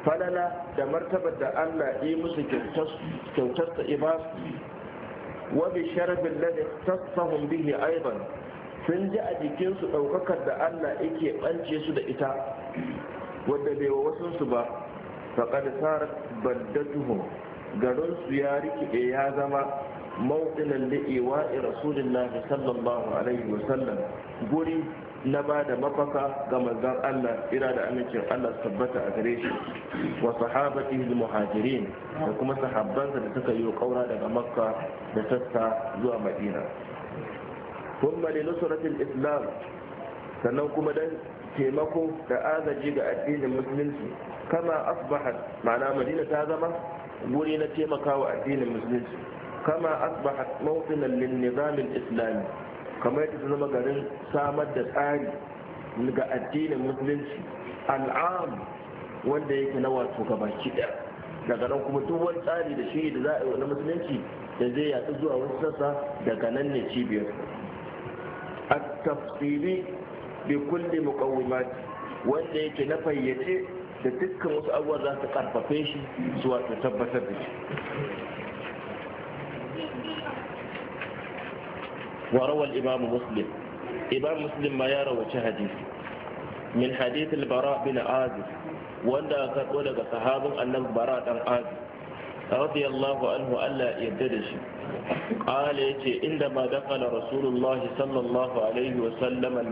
Speaker 1: falala da martaba da Allah yi musu kyautar ta iba wa bi sharafin ladhi tasahum bihi aidan sun ji a jikinsu ɗaukakar da Allah yake ɓance su da ita wadda bai wa wasunsu ba faqad sarat baddatuhum garinsu ya rikide ya zama mawdinan li'iwa rasulullah sallallahu alaihi wasallam guri na ba da mafaka ga manzon Allah ira da amincin Allah su tabbata a gare shi wa sahabatihi muhajirin da kuma sahabbansa da suka yi kaura daga makka da sassa zuwa madina kuma da nusratil islam sannan kuma dan taimako da agaji ga addinin musulunci kama asbahat ma'ana madina ta zama guri na taimakawa addinin musulunci kama asbaha mawqinan lin nizamin islami kamar yadda zama garin samar da tsari ga addinin musulunci al'am wanda yake na wato baki daga nan kuma duk wani tsari da shi da za a yi na musulunci da zai yaɗu zuwa wasu sassa daga nan ne cibiyar a tafsiri bi kulli muqawwimat wanda yake na fayyace da dukkan wasu abubuwa za su karfafe shi su wato tabbatar da shi warawar Imam muslim imamu muslim ma ya rawace hadisi min hadithin bara bin aziz wanda aka karɓo daga sahabin annabi bara dan aziz radiyallahu anhu Allah ya yarda da shi qala yace inda ma dakala rasulullahi sallallahu alaihi wa sallam al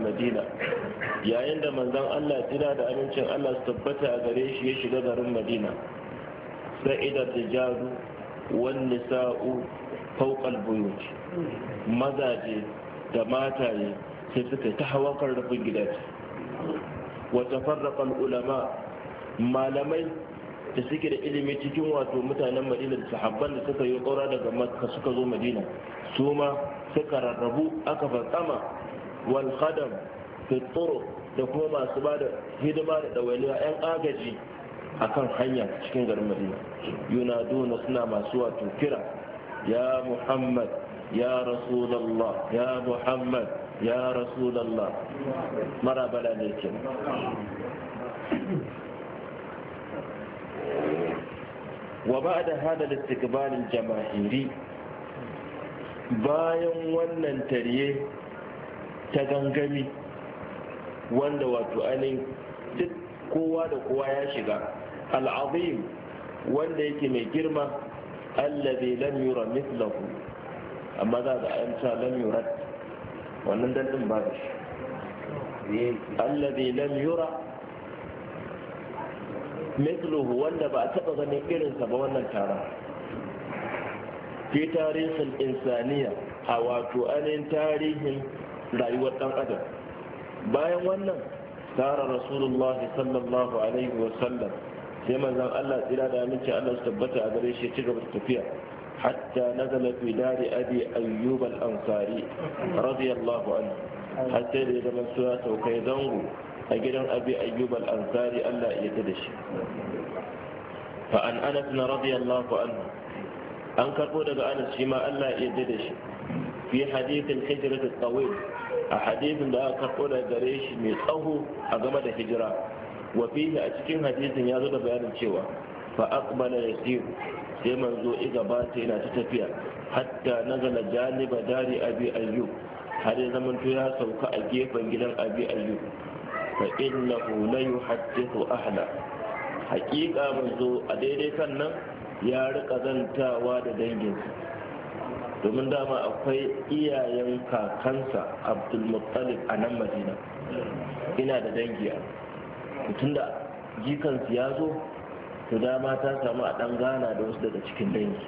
Speaker 1: yayin da manzon Allah jira da amincin Allah su tabbata a gare shi ya shiga garin Madina sa'ida tijaru wan nisa'u fawqa al-buyut mazaje da mataye sai suka ta hawan karrafin gidaje wa tafarraqa al-ulama malamai da suke da ilimi cikin wato mutanen madina da sahabban da suka yi ƙaura daga makka suka zo madina su ma suka rarrabu aka fatsama wal khadam da kuma masu ba da hidima da ɗawainiya 'yan agaji a kan hanya cikin garin madina yunaduna suna masu wato kira ya muhammad ya rasulallah ya muhammad ya rasulallah mara bala ne kenan wa ba da hada listiqbalin jama'iri bayan wannan tarye ta gangami wanda wato ainihin duk kowa da kowa ya shiga al'azim wanda yake mai girma allazi lam yura mislaku, amma za ga an sa lam yura wannan dan ba da shi allazi lam yura mithluhu wanda ba a taba ganin irinsa ba wannan taron fi tarihin insaniya a wato anin tarihin rayuwar dan adam bayan wannan tara rasulullahi sallallahu alaihi wasallam sai manzon Allah tsira da aminci Allah su tabbata a gare shi ci gaba da tafiya hatta nazala fi dari abi ayyub al-ansari radiyallahu anhu hatta da zaman suya saukai zango a gidan abi ayyub al-ansari Allah ya tada shi fa an anas na radiyallahu anhu an karbo daga anas shi ma Allah ya tada shi fi hadithin hijrat at-tawil a hadithin da aka karbo daga gare shi mai tsaho a game da hijira wa fihi a cikin hadithin ya zo da bayanin cewa fa aqbala yasir sai manzo iga ba ta yana ta tafiya hatta nazala janiba dari abi ayyub har ya zamanto ya sauka a gefen gidan abi ayyub fa innahu la yuhaddithu ahla haƙiƙa manzo a daidai kan ya rika zantawa da danginsa domin dama akwai iyayen kakansa abdulmuttalib a nan madina ina da dangi a mutum da jikansu ya zo to dama ta samu a ɗan gana da wasu daga cikin dangi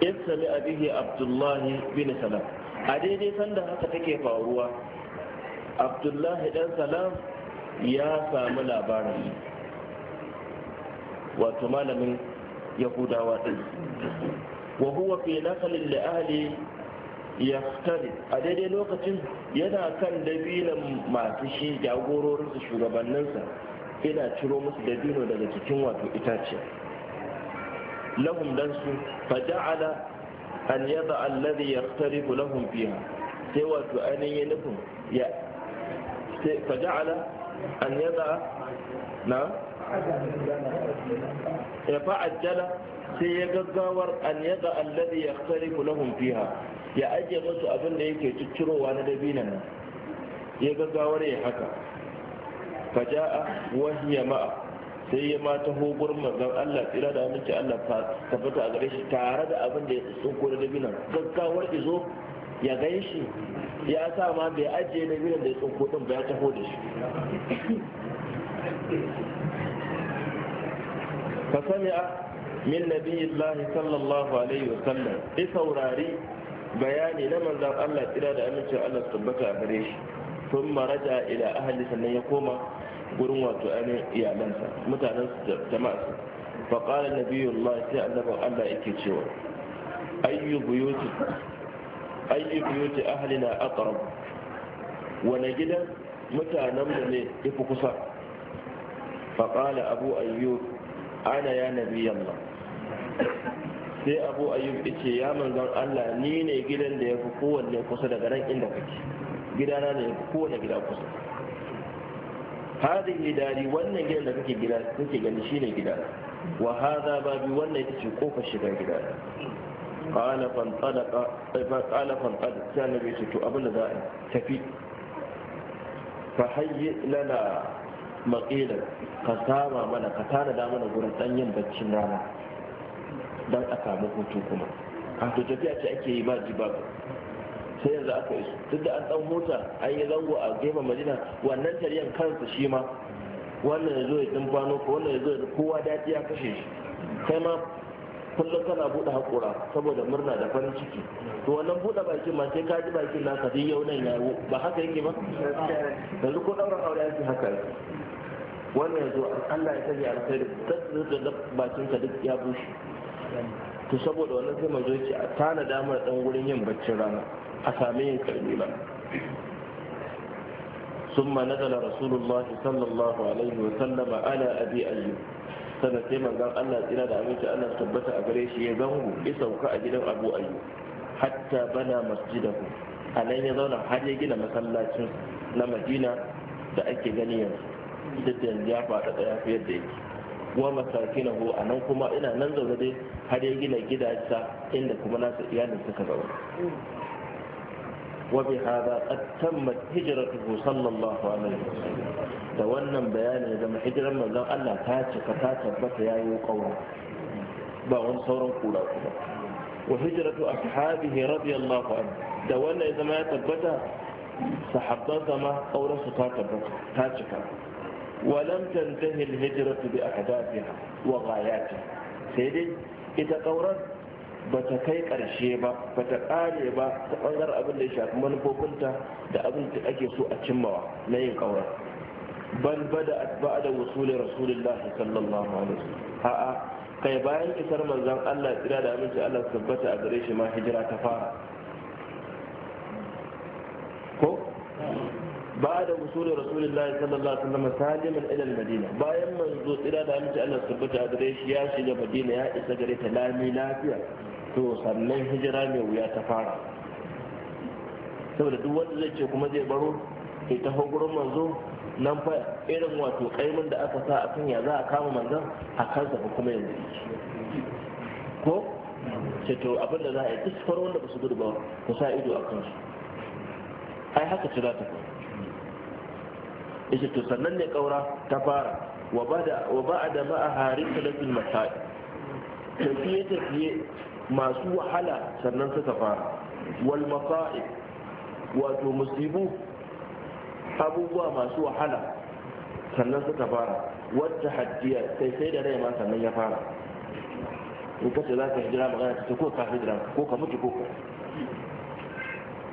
Speaker 1: in sami abihi abdullahi bin salam a daidai sanda haka take faruwa abdullahi dan salam ya samu labarin wato malamin yahudawa din wa huwa fi naqlin li ahli yaftari a daidai lokacin yana kan dabinan masu shi jagororinsa shugabanninsa Ina ciro musu dabino daga cikin wato itace lahum dan su fa ja'ala an yada alladhi yaqtari lahum fiha sai wato ainihin ya nufin ya فجعل أن يضع نعم ya fa'ajjala sai ya gaggawar an yaga alladhi yakhtalifu lahum fiha ya ajiye musu abin da yake ciccirowa na dabinan ya gaggawar ya haka sai ya mata hogor manzon Allah tsira da aminci Allah ta tabbata a gare shi tare da abin da ya tsinko da dabinan gaggawar izo ya gan shi ya sa ma bai ajiye na biyan da ya tsinko ɗin ba ya taho da shi ka sami a min nabiyyillahi sallallahu alaihi wa sallam ya saurari bayani na manzan Allah tsira da amincin Allah su tabbata a gare shi sun maraja ila ahali sannan ya koma gurin wato ainihin iyalansa mutanen jama'arsa faƙalar nabiyullahi sai annaban Allah yake cewa ayyu buyuti ayyu ahali na aqrab wani gidan mutanen mu ne yafi kusa fa qala abu ayyub ana ya nabiyallah sai abu ayyub yace ya manzon Allah ni ne gidan da yafi kowanne kusa daga nan inda kake gidana ne fi kowanne gida kusa hadhihi dari wannan gidan da kake gida kake gani shine gida wa hadha babi wannan ita ce kofar shiga gida قال fanṭalaqa fa qala fanṭalaqa sai annabi تفي لنا مقيلا za قتانا tafi fa hayyi lana ka sama mana ka tanada mana gurin danyen baccin rana dan kuma a tafiya ce ake yi ba jibabu sai yanzu aka iso duk da an dan mota an yi zango a gefen madina wannan tariyan kansa shi ma wannan ya zo ya dimfano ko wannan ya zo ya kowa daɗi ya kashe shi kai ma kullum kana buɗe haƙura saboda murna da farin ciki to wannan buɗe bakin ma sai ka ji bakin na duk yau nan yawo ba haka yake ba yanzu ko ɗaurin aure yake haka wannan yanzu Allah ya sanya alkhairi ta da bakin ka duk ya bushe to saboda wannan sai manzo a tana damar dan wurin yin baccin rana a same yin kalmila ثم نزل رسول الله صلى الله عليه وسلم على أبي أيوب sana sai manzan Allah tsira da aminci Allah tabbata a gare shi ya zango ya sauka a gidan Abu Ayyub hatta bana masjidahu a nan ya zauna har ya gina masallacin na Madina da ake gani yanzu duk da yanzu ya faɗa fi yadda yake wa masakinahu a nan kuma ina nan zaune dai har ya gina gidansa inda kuma nasa iyalin suka zauna وبهذا قد تمت هجرته صلى الله عليه وسلم تونم بيان اذا ما هجر من لو ان تاتي فتاتا بس يا يو قوم باون صور قولا وهجرة أصحابه رضي الله عنه دولنا إذا ما يتبتا سحبتا ما أو تاتك ولم تنتهي الهجرة بأحداثها وغاياتها سيدي إذا قورت ba ta kai ƙarshe ba ba ta kare ba ta bangar abin da ya shafi manufofinta da abin da ake so a cimmawa na yin ƙaura bal bada atba da wasulin rasulullah sallallahu alaihi wasallam a'a kai bayan isar manzon Allah tsira da aminci Allah tabbata a gare shi ma hijira ta fara ko بعد وصول رسول الله صلى الله عليه وسلم سالما الى المدينه bayan manzo tsira da aminci Allah tabbata a gare shi ya shiga Madina ya isa gare ta lami lafiya to sannan hijira mai wuya ta fara saboda duk wanda zai ce kuma zai baro ke taho gurin manzo nan fa irin wato kaimin da aka sa a kan ya za a kama manzon a kansa ba kuma yanzu ko ce to abin da za a yi duk faro wanda ba su gudu ba ku sa ido a kansu ai haka ce za ta fa yace to sannan ne kaura ta fara wa ba da harin risalatul masai
Speaker 2: tafiye-tafiye
Speaker 1: masu wahala sannan suka fara wal masa'ib wato musibu abubuwa masu wahala sannan suka fara wata hajjiya sai sai da rai ma sannan ya fara in ce za ka hijira magana ta ko ka hijira ko ka mutu ko ka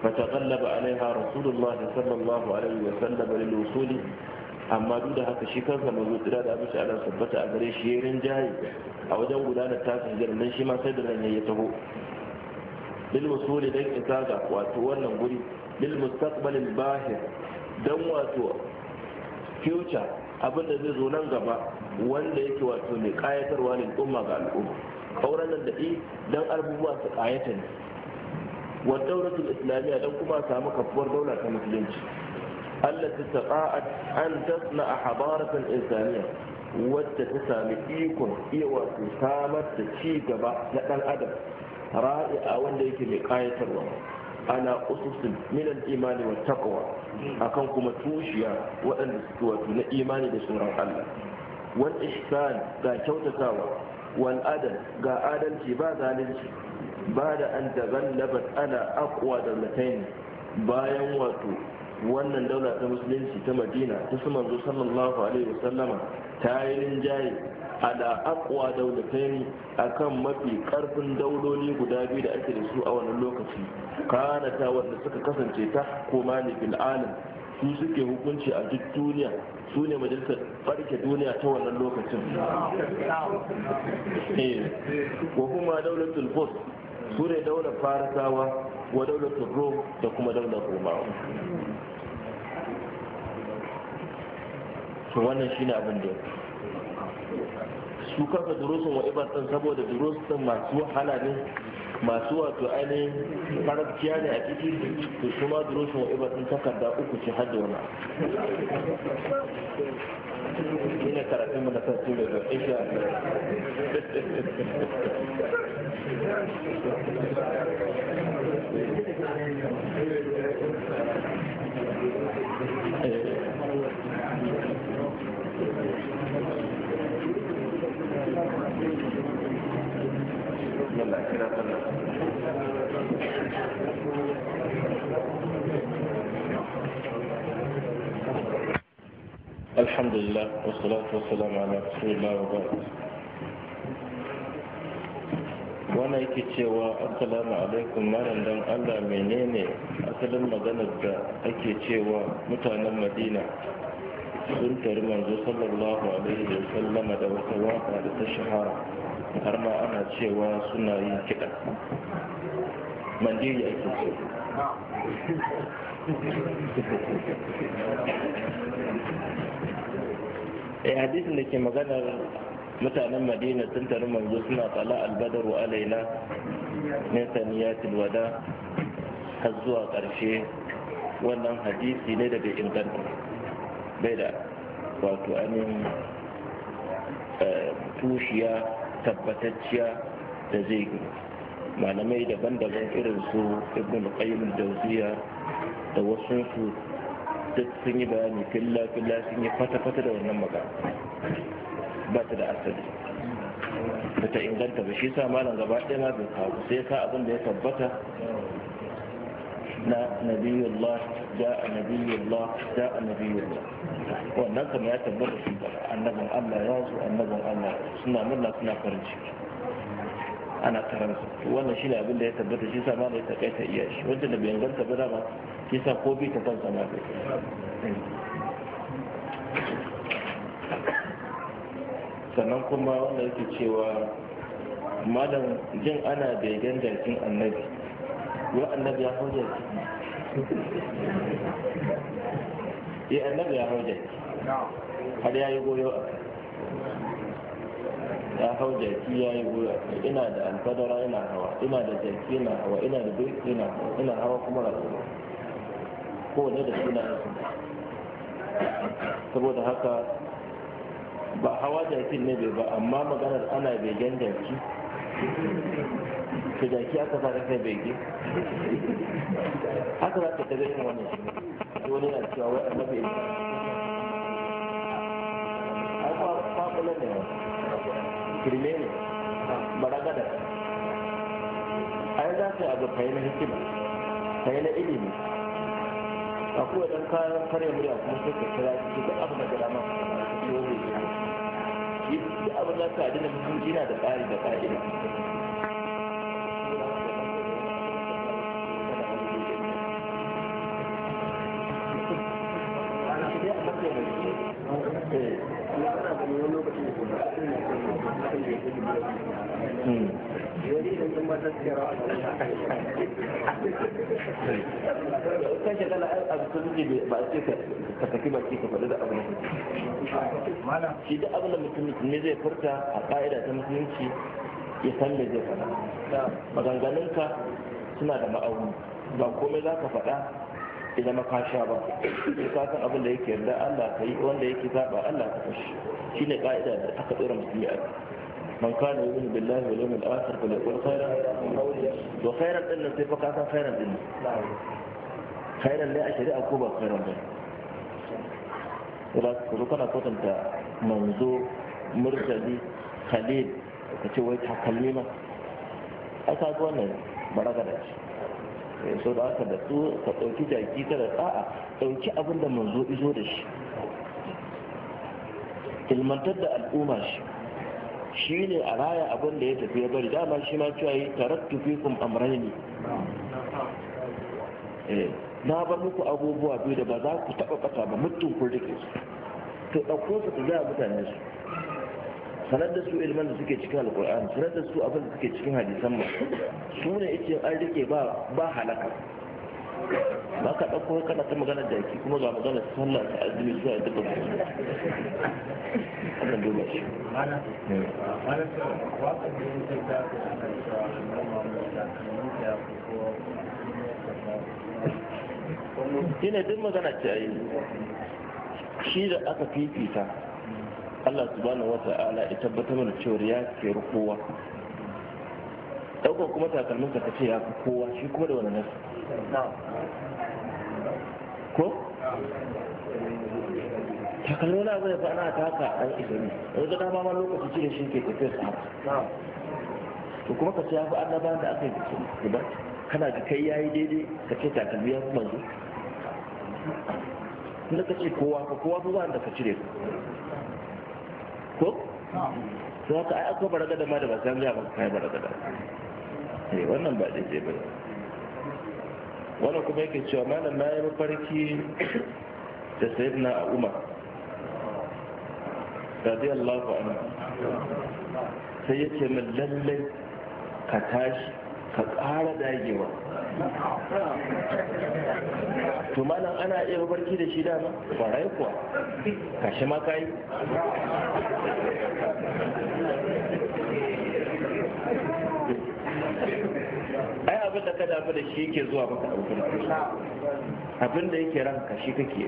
Speaker 1: فتغلب alaiha رسول sallallahu alaihi wa sallam lil wusuli amma duk da haka shi kansa mazo tsira da abinci ana sabbata a gare shi yayin jayi a wajen gudanar tasin jiran nan shi ma sai da nan ya taho bil wasuli dan isaga wato wannan guri bil mustaqbal al bahir dan wato future abin da zai zo nan gaba wanda yake wato mai kayatarwa ne umma ga al'umma kauran nan da dan abubuwa su kayata ne wa daulatul islamiyya dan kuma samu kafuwar daula ta musulunci ta التي استطاعت أن تصنع حضارة إنسانية wadda ta sami ikon iya wato samar da ci gaba na ɗan adam ra'i'a wanda yake mai ƙayatarwa ana kususun minan imani wa taqwa akan kuma tushiya waɗanda suke wato na imani da tsoron Allah wal ihsan ga kyautatawa wal adal ga adalci ba zalunci ba da an tagallabat ala aqwa dawlatayn bayan wato wannan daula ta musulunci ta madina ta su manzo sallallahu alaihi wasallama ta yi rinjaye ala akwa a akan mafi karfin dauloli guda biyu da ake da su a wannan lokaci kana ta wanda suka kasance ta koma ne bil alam su suke hukunci a duk duniya su ne majalisar farke duniya ta wannan lokacin eh wa kuma daulatul bos su ne daular farasawa wa daulatul rom da kuma daular romawa to wannan ne abin da su kafa durusun wa ibar din saboda durusun masu wahala ne masu wato ainihin farafciya ne a ciki to su ma durusun wa ibar din takarda uku ce har da wani shine karatun mu na sassu da zai insha
Speaker 2: Allah
Speaker 1: الحمد لله والصلاة والسلام على رسول الله وبارك wani yake cewa assalamu alaikum malam dan Allah menene asalin maganar da ake cewa mutanen Madina suntar manzo sallallahu alaihi wa sallama da wata waka da ta shahara har ma ana cewa suna yin kiɗa mandiri ake ce eh, a hadisin da ke maganar mutanen madina sun tari manzo suna tsala albadaru alaina min saniyatil wada har zuwa ƙarshe wannan hadisi ne da bai inganta bai wato ainihin eh, tushiya tabbatacciya da zai gina malamai daban-daban irin su ibn qayyim jauziya da wasu su duk sun yi bayani filla filla sun yi fata-fata da wannan magana ba ta da asali ba ta inganta ba shi sa malam gaba ɗaya na bai kawo sai ka abin da ya tabbata na nabiyullah ja'a nabiyullah da nabiyullah wannan kuma ya tabbata shi ba annabin Allah ya zo annabin Allah suna murna suna farin ciki ana taron wannan shi ne abin da ya tabbata shi sa ma da ya ta iya shi wanda da bayan ganta ba ba shi sa ko bi ta kan sama ba sannan kuma wanda yake cewa malam jin ana begen jakin annabi yau annabi ya hau ki annabi ya har ya yi goyo ya hau jaki ya yi goyo ina da alfadara ina hawa ina da jaki ina hawa ina da doki ina hawa ina hawa kuma rasu kowane da suna yasu saboda haka ba hawa jakin ne bai ba amma maganar ana begen jaki to jaki aka fara kai bege haka za ka taga shi wani yana cewa wai ne kirme ne ai za ka kai na hikima kai na ilimi a kowa kayan kare murya kuma sai ka kira shi da abu da dama ka ciwo ne in duk abin da ka da mutunci yana da tsari da ka'ida Hmm. kan shi kana a musulunci ba a ce ka tafi baki ka faɗi da abu shi duk abin da mutum zai furta a ƙa'ida ta musulunci ya san da zai faɗa maganganunka suna da ma'auni ba komai za ka faɗa idan makasha ba sai kasan abin da yake yarda Allah ka yi wanda yake saba Allah ka fashe. Shi ne ƙa'ida da aka tsora musulmi a من كان يؤمن بالله واليوم الآخر فليقول خيرا وخيرا إلا سيفك أسا خيرا إلا خيرا لا أشريع كوبا خيرا بيه إلا كذو كان أقول أنت منظور مرتدي خليل كتوى يتحكلمة كلمة أقول أنه برغة داشي sau da aka da su ka ɗauki jaki ka da tsa'a ɗauki abin da shi ne a raya abin da ya tafi ya bari dama shi ma cewa yi tarattu amurai ne eh, na bar muku abubuwa biyu da ba za ku taɓa ɓata ba mutum kun rike su to ɗauko su ku gaya mutane su sanar da su ilman da suke cikin alƙur'ani sanar da su abin da suke cikin hadisan mu su ne ita an rike ba halaka ba ka ɗauko kana ta magana da yaki kuma ga magana sallah ta azumi zuwa da ba su wannan dole shi Ina duk magana ta yi shi da aka fifita Allah subhanahu wa ta'ala ya tabbatar da cewa ya ke kowa ɗaukar kuma takalmin ka ta ce ya fi kowa shi kuma da wani nan, ko takalmi wani abu da fa ana taka a isa ne yanzu dama ma lokaci cire shi ke tafiya su haka to kuma ka ce ya fi annabawan da aka yi guda kana ka kai yayi daidai ka ce takalmi ya fi manzo kuma ka ce kowa ka kowa ba da ka cire ko sai haka ai akwai baragada ma da ba sai an ba ka kai baragada eh wannan ba daidai ba Wani kuma yake cewa malam na yi mafarki da na a umar radiyallahu anhu sai ya ce min lallai ka tashi ka ƙara dagewa to malam ana iya mafarki da shi dama ba rai ka shi ma ka yi abin da ka damu da shi yake zuwa maka abu abin da yake ranka shi kake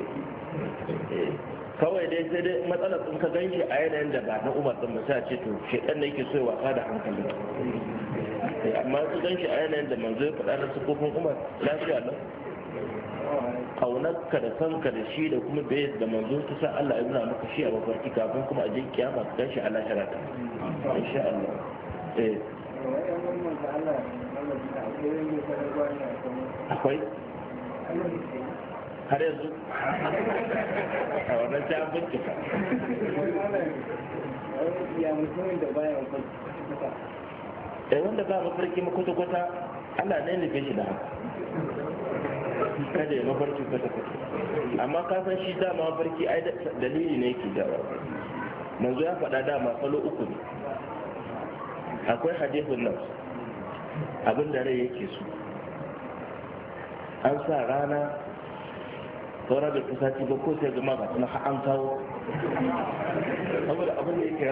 Speaker 1: eh, kawai dai sai dai matsalar sun ka ganshi a yanayin da ba na umar din mutum ce to ɗan da yake so ya wasa da hankali eh, amma su ganshi a yanayin da manzo ya faɗa da sukofin umar lafiya nan kaunarka da kanka da shi da kuma bai da manzo ta sa Allah ya nuna maka shi a mafarki kafin kuma a jin kiyama ka ganshi a lahira ta insha Allah eh akwai har yanzu a wannan ta bincika ya eh, wanda ba mafarki makwata-kwata allah ne nufe fashi da haka kada ya mafarki kwata-kwata amma ka san shi dama mafarki ai dalili ne yake da manzo ya faɗa dama falo uku ne akwai hadithun nafsu abin da rai yake so an sa rana saura da kusa ce ba ko sai zama ba kuma an kawo saboda abin da yake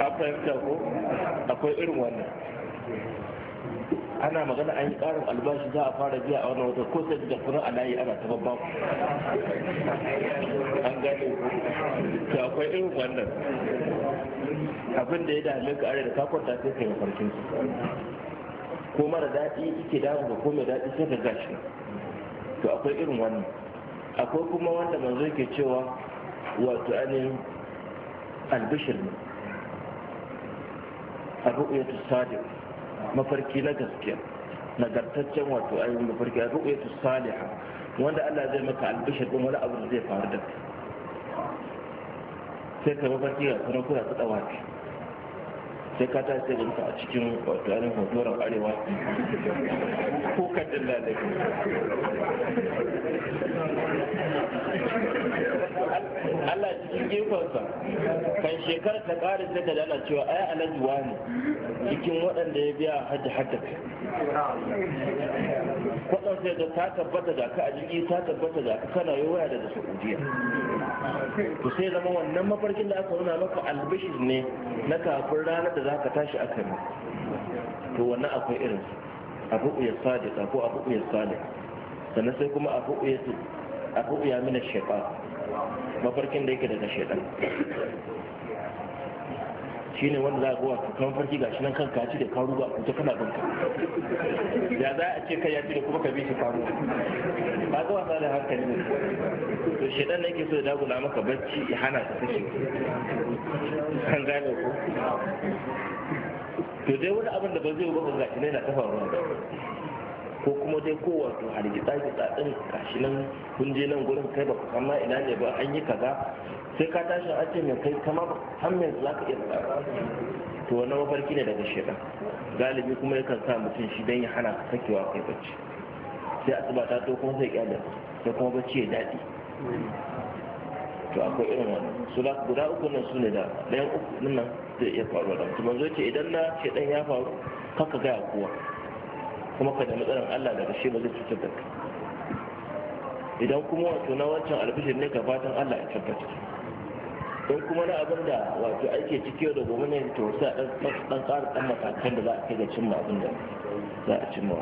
Speaker 1: a fahimta ko akwai irin wannan ana magana an yi karin albashi za a fara biya a wannan wata ko sai da kuma layi ana ta babba an gane to akwai irin wannan abin da ya dame ka are da ka kwanta sai kai yi su ko mara daɗi ike damu ko mai daɗi sai ka gashi to akwai irin wannan akwai kuma wanda manzo yake cewa wato anin albishir ne a ru'yatu sadiq mafarki na gaskiya nagartaccen wato ainihin mafarki a ru'yatu saliha wanda Allah zai maka albishir din wani abu da zai faru da kai sai ka mafarki ga kuma kuna ta dawaki sai ka tashi da a cikin wato ainihin hotoron arewa ko kaddin lalai Allah cikin ikonsa kan shekara ta ƙara sai ka ji ana cewa ai alhaji ne cikin waɗanda ya biya hajji hajji kwaɗan sai da ta tabbata da ka a ta tabbata da ka kana yi waya daga saudiya to sai zama wannan mafarkin da aka nuna maka albishir ne na kafin ranar da za ka tashi a kan to wannan akwai irin abu uya sadiqa ko abu uya sadiq sannan sai kuma abu uya abu uya mina shekara mafarkin da yake daga shaidan shi ne wanda za a gowa kan farki gashi nan kan kaci da karu ba kuta kana banka ya za a ce kai ya fi da kuma ka bi shi karu ba zuwa sa da hankali ne to shaidan ne yake so ya dagula maka bacci ya hana ka kashe kan gane ko to dai wani abin da ba zai ba ba gashi ne na kafa ba. ko kuma dai ko wato hargitsa gitsa din kashi nan kun je nan gurin kai baka san ma ina ne ba an yi kaza sai ka tashi a ce mai kai kama har me za ka iya faɗa to wannan mafarki ne daga shedan galibi kuma yakan sa mutum shi dan ya hana ka sakewa kai bacci sai asuba ta to kuma sai kyale sai kuma bacci ya daɗi to akwai irin wannan su da guda uku nan su ne da ɗayan uku nan zai iya faruwa da mutum zai ce idan na shaidan ya faru kaka gaya kowa kuma ka nemi tsarin Allah daga shi ba zai cutar da kai idan kuma wato na wancan albishir ne gabatan Allah ya tabbata don kuma na abin da wato ake ciki da gobe ne to sai dan dan ƙara dan matakan da za a kai ga cimma abin da za a cimma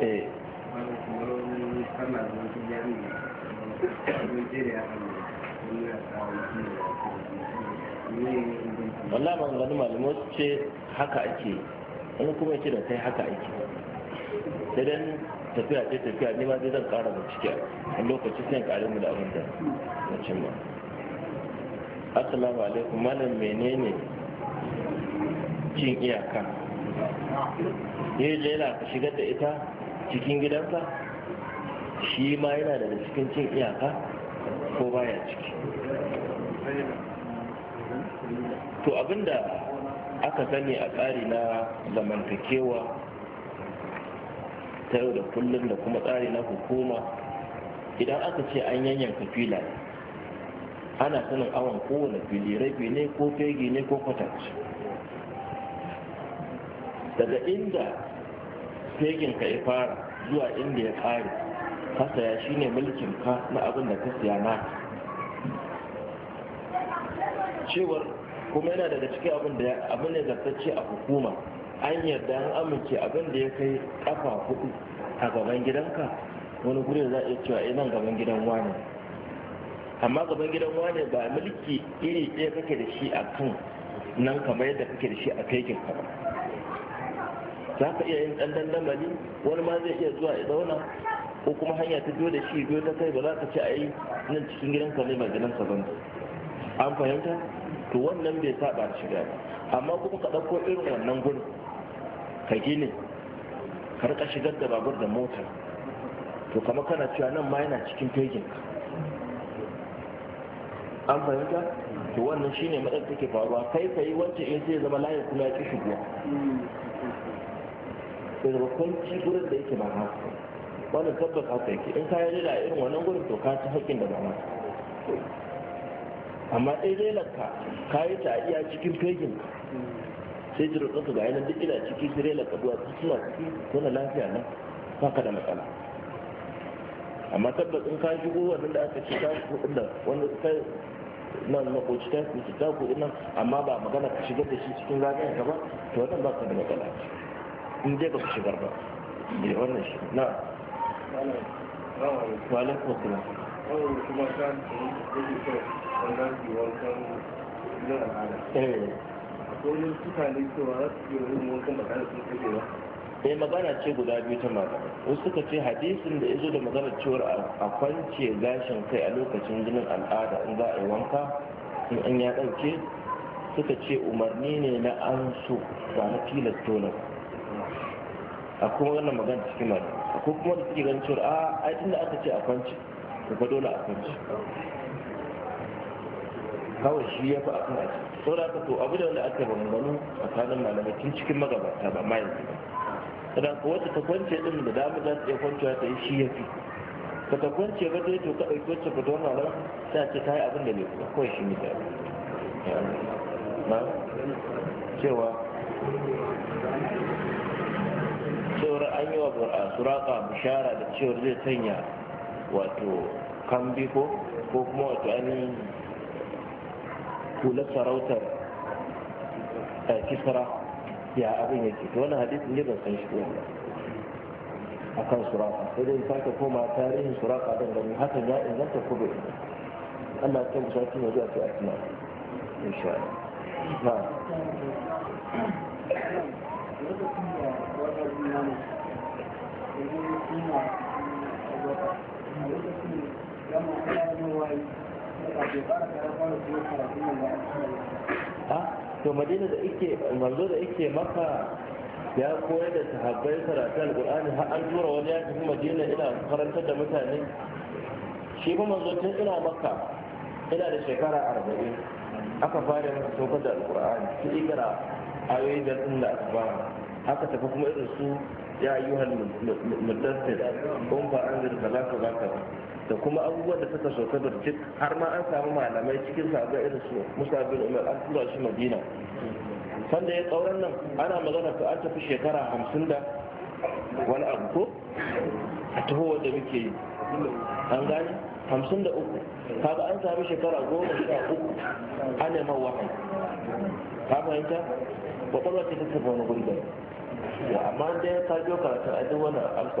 Speaker 1: eh wallahi ban gani ce haka ake wani kuma ce da kai haka ake sai dan tafiya ce tafiya ne ma zai zan kara ciki a lokaci sai kare mu da abin da na cimma assalamu alaikum malam menene cin iyaka ne eh, je yana ka shigar da ita cikin gidansa shi ma yana daga cikin cin iyaka ko baya ciki to abinda aka sani a tsari na zamantakewa ta yau da kullum da kuma tsari na hukuma idan aka ce an yanyanka kafila, ana sanin awon kowane fili rabi ne ko fegi ne ko kwatance daga inda fegin ka ya fara zuwa inda ya kare shi shine mulkin ka na abin da ka siya na cewar kuma yana daga cikin abin da abin ne zartacce a hukuma an yarda an amince abin da ya kai kafa hudu a gaban gidanka wani guri za a iya cewa eh, nan gaban gidan wani amma gaban gidan wani ba mulki iri ɗaya kake da shi a kan nan kamar yadda kake da shi a kai ka ba za ka iya yin ɗan dandamali wani ma zai iya zuwa ya zauna ko kuma hanya ta biyo da shi biyo ta kai ba za ka ci a yi nan cikin gidanka ne ba gidanka ba an fahimta to wannan bai saba shiga ba amma kuma ka ɗauko irin wannan gurin ka gini ka shigar da babur da mota to kama kana cewa nan ma yana cikin fegin an fahimta to wannan shine matsar take faruwa kai ka yi wancan in zai zama layin kuma ya ci shigowa sai zama ci gurin da yake ba wani wannan tabbas haka yake in ka yi rila irin wannan gurin to ka ci haƙƙin da ba haka amma ɗaya relarka ka yi ta iya cikin fegin sai jirgin ɗansu ga yanar duk ina ciki su rela kaduwa su suna ciki suna lafiya nan ba ka da matsala amma tabbas in ka shigo wannan da aka ce ta kuɗin da wani kai nan makoci ta kuɗi ta kuɗi nan amma ba magana ka shigar da shi cikin zagayen ka ba to wannan ba ka da matsala in dai ba ka shigar ba ne wannan shi na wa alaikum assalam
Speaker 2: kuma eh. kan da
Speaker 1: ke kai wannan jiwon kan da al'ada wani suka cewa za su wankan magana sun kai ba sai eh, magana ce guda biyu ta magana wasu suka ce hadisin da ya zo da maganar cewar a kwance gashin kai a lokacin jinin al'ada in za a yi wanka in an ya ɗauke suka ce umarni ne na an so ba na tilasto na a kuma wannan magana cikin mara a kuma da suke ganin cewar a aikin da aka ce a kwance ko dole a kwance kawai shi ya fi akan kan ciki sau da to abu da wanda aka bambanu kanin malamai tun cikin magabata ba ma yanzu ba da ka wacce ta kwance din da dama za ta iya kwancewa ta yi shi ya fi ka ta kwance ba ta yi to ka ɗauki wacce fitowar malam ta ce ta yi abin da bai kawai shi ne da na cewa cewar an yi wa suraka bishara da cewar zai sanya wato kambi ko kuma wato ainihin hular sarautar kisra ya abin yake wani hadisin ne ban san shi wannan a kan suraka sai dai sake koma tarihin suraka don gani hakan ya inganta ko bai Allah ta musa kina zuwa sai a tuna insha Allah na to madina da ike manzo da ike maka ya koyar da sahabbai karatu alqur'ani har an tura wani ya tafi madina ina karantar da mutane shi ba manzo tun ina maka ina da shekara arba'in aka fara yin tofar da alqur'ani su ikara ayoyi da sun da aka fara aka tafi kuma irin su ya ayyuhan mudassir kun fa'an da kaza kaza kaza da kuma abubuwan da suka da birjik har ma an samu malamai cikin sabon irin su musa bin umar an tura shi madina wanda ya kauran nan ana magana ta an tafi shekara hamsin da wani abu ko a taho wanda muke yi an gani hamsin da uku kaga an sami shekara goma sha uku an neman wahayi ka fahimta kwakwalwa ce ta tafi wani gurbe amma da ya kajo karatun a duk wani alfa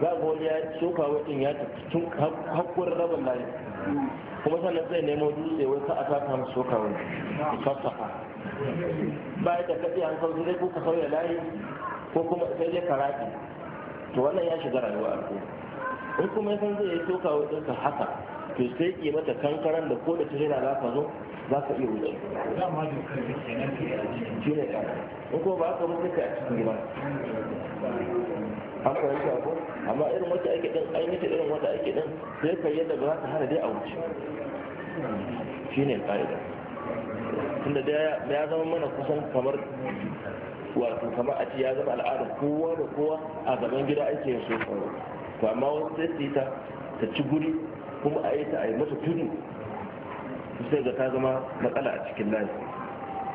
Speaker 1: za ga wani ya soka wajen ya tafi tun hakkuwar rabin layi kuma sannan zai nemo dutse wai ka a taka masa soka wani sassafa baya da kaɗi an sauki zai kuka sauya layi ko kuma sai dai karaki to wannan ya shiga rayuwa a in kuma ya san zai yi soka wajen ka haka to sai ke mata kankaran da ko da tirela za ka zo za ka iya wuce in ko ba ka mutu ka a cikin gida an fahimta ko amma irin wata ake ɗin irin wata ake ɗin sai yadda ba ta hana dai a wuce ka'ida tunda kamar a ya zama al'adar gida ake yin guri kuma a yi ta a yi mata tudu sai ga ta zama matsala a cikin layi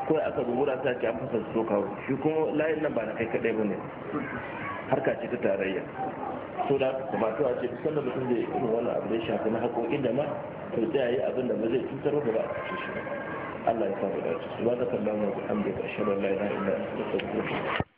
Speaker 1: kawai aka zubura ta ce an fasa sokawa shi kuma layin nan ba na kai kaɗai ba ne harka ce ta tarayya so da ba to a ce duk sanda mutum zai irin wannan abu da shafi na haƙoƙin da ma to sai a yi abin da ba zai cutar da ba a cuce shi ba Allah ya sa mu dace ka allahumma wa bihamdika ashhadu an la ilaha illa
Speaker 2: da astaghfiruka